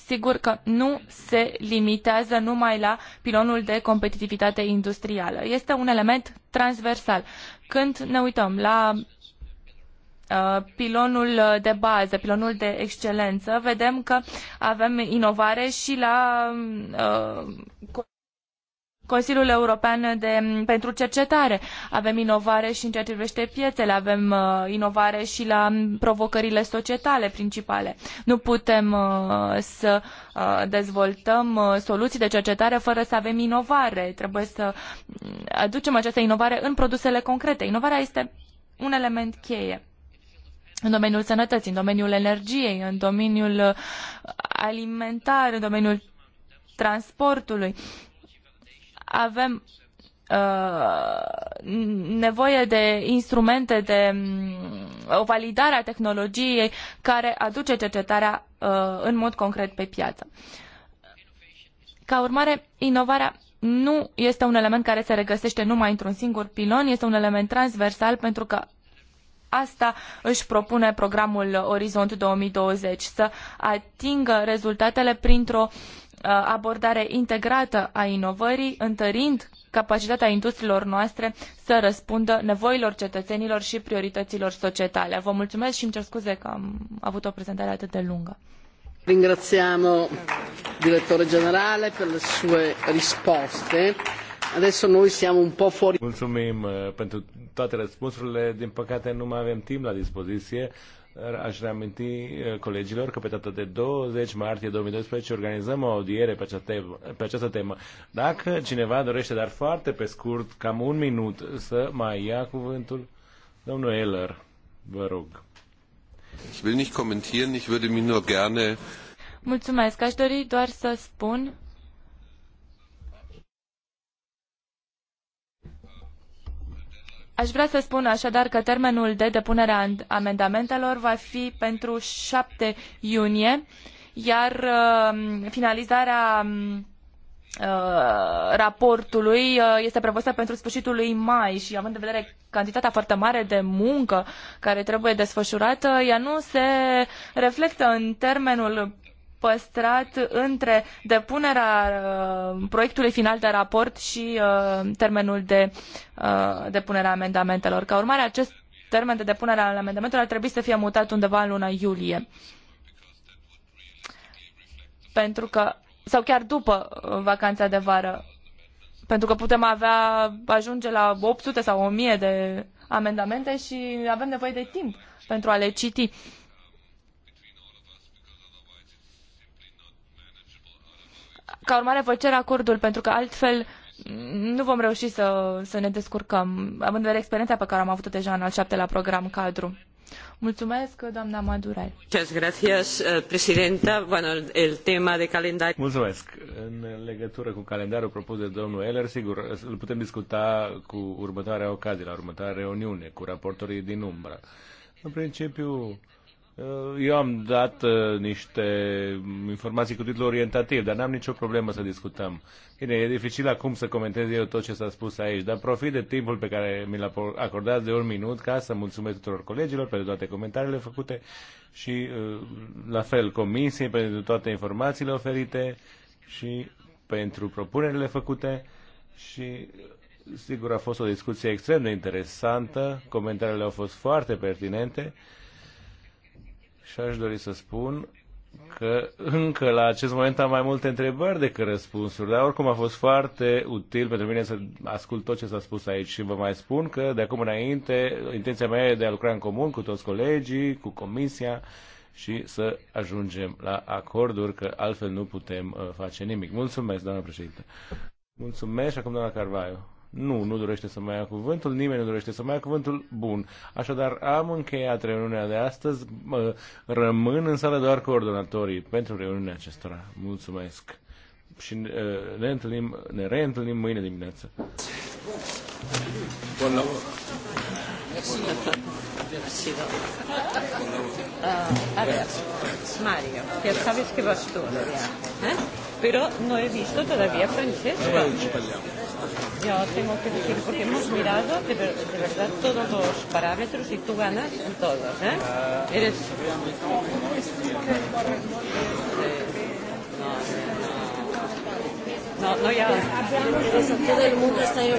sigur că nu se limitează numai la pilonul de competitivitate industrială. Este un element transversal. Când ne uităm la Uh, pilonul uh, de bază, pilonul de excelență, vedem că avem inovare și la uh, Consiliul European de, pentru Cercetare. Avem inovare și în ceea ce privește piețele, avem uh, inovare și la provocările societale principale. Nu putem uh, să uh, dezvoltăm uh, soluții de cercetare fără să avem inovare. Trebuie să mm, aducem această inovare în produsele concrete. Inovarea este un element cheie în domeniul sănătății, în domeniul energiei, în domeniul uh, alimentar, în domeniul transportului. Avem uh, nevoie de instrumente de mm, o um, validare a tehnologiei care aduce cercetarea uh, în mod concret pe piață. Ca urmare, inovarea nu este un element care se regăsește numai într-un singur pilon, este un element transversal pentru că asta își propune programul Orizont 2020, să atingă rezultatele printr-o uh, abordare integrată a inovării, întărind capacitatea industriilor noastre să răspundă nevoilor cetățenilor și priorităților societale. Vă mulțumesc și îmi cer scuze că am avut o prezentare atât de lungă. Ringraziamo direttore generale per le sue risposte. Adesso noi siamo un po' fuori. Mulțumim uh, pentru toate răspunsurile. Din păcate nu mai avem timp la dispoziție. Aș reaminti uh, colegilor că pe data de 20 martie 2012 organizăm o audiere pe această, temă, Dacă cineva dorește, dar foarte pe scurt, cam un minut, să mai ia cuvântul, domnul Eller, vă rog. Ich will nicht kommentieren, ich würde mich nur gerne Mulțumesc. Aș dori doar să spun Aș vrea să spun așadar că termenul de depunere a amendamentelor va fi pentru 7 iunie, iar um, finalizarea um, uh, raportului uh, este prevăzută pentru sfârșitul lui mai și având în vedere cantitatea foarte mare de muncă care trebuie desfășurată, ea nu se reflectă în termenul păstrat între depunerea uh, proiectului final de raport și uh, termenul de uh, depunere a amendamentelor. Ca urmare, acest termen de depunere a amendamentelor ar trebui să fie mutat undeva în luna iulie. Pentru că, sau chiar după vacanța de vară, pentru că putem avea, ajunge la 800 sau 1000 de amendamente și avem nevoie de timp pentru a le citi. Uh, Ca urmare vă cer acordul, pentru că altfel nu vom reuși să, să ne descurcăm, având în vedere experiența pe care am avut-o deja în al șaptelea program cadru. Mulțumesc, doamna Madurel. Eh, Mulțumesc. În legătură cu calendarul propus de domnul Eller, sigur, îl putem discuta cu următoarea ocazie, la următoarea reuniune, cu raportorii din umbră. În principiu, Uh, eu am dat uh, niște informații cu titlu orientativ, dar n-am nicio problemă să discutăm. Bine, e dificil acum să comentez eu tot ce s-a spus aici, dar profit de timpul pe care mi l-a acordat de un minut ca să mulțumesc tuturor colegilor pentru toate comentariile făcute și uh, la fel comisiei pentru toate informațiile oferite și pentru propunerile făcute și sigur a fost o discuție extrem de interesantă, comentariile au fost foarte pertinente și aș dori să spun că încă la acest moment am mai multe întrebări decât răspunsuri, dar oricum a fost foarte util pentru mine să ascult tot ce s-a spus aici și vă mai spun că de acum înainte intenția mea e de a lucra în comun cu toți colegii, cu comisia și să ajungem la acorduri, că altfel nu putem uh, face nimic. Mulțumesc, doamnă președinte. Mulțumesc și acum doamna Carvaiu. Nu, nu dorește să mai ia cuvântul, nimeni nu dorește să mai ia cuvântul. Bun. Așadar, am încheiat reuniunea de astăzi. Rămân în sală doar coordonatorii pentru reuniunea acestora. Mulțumesc. Și uh, ne, întâlnim, ne reîntâlnim mâine dimineață. Bun lavoro sido. Uh, a ver, Mario, ya sabes que vas tú ¿eh? Pero no he visto todavía a Francesco. Eh, Yo tengo que decir, porque hemos mirado de, ver, de verdad todos los parámetros y tú ganas en todos. ¿eh? Ah. Eres. Eh, no, no, No, no, ya. Todo el mundo está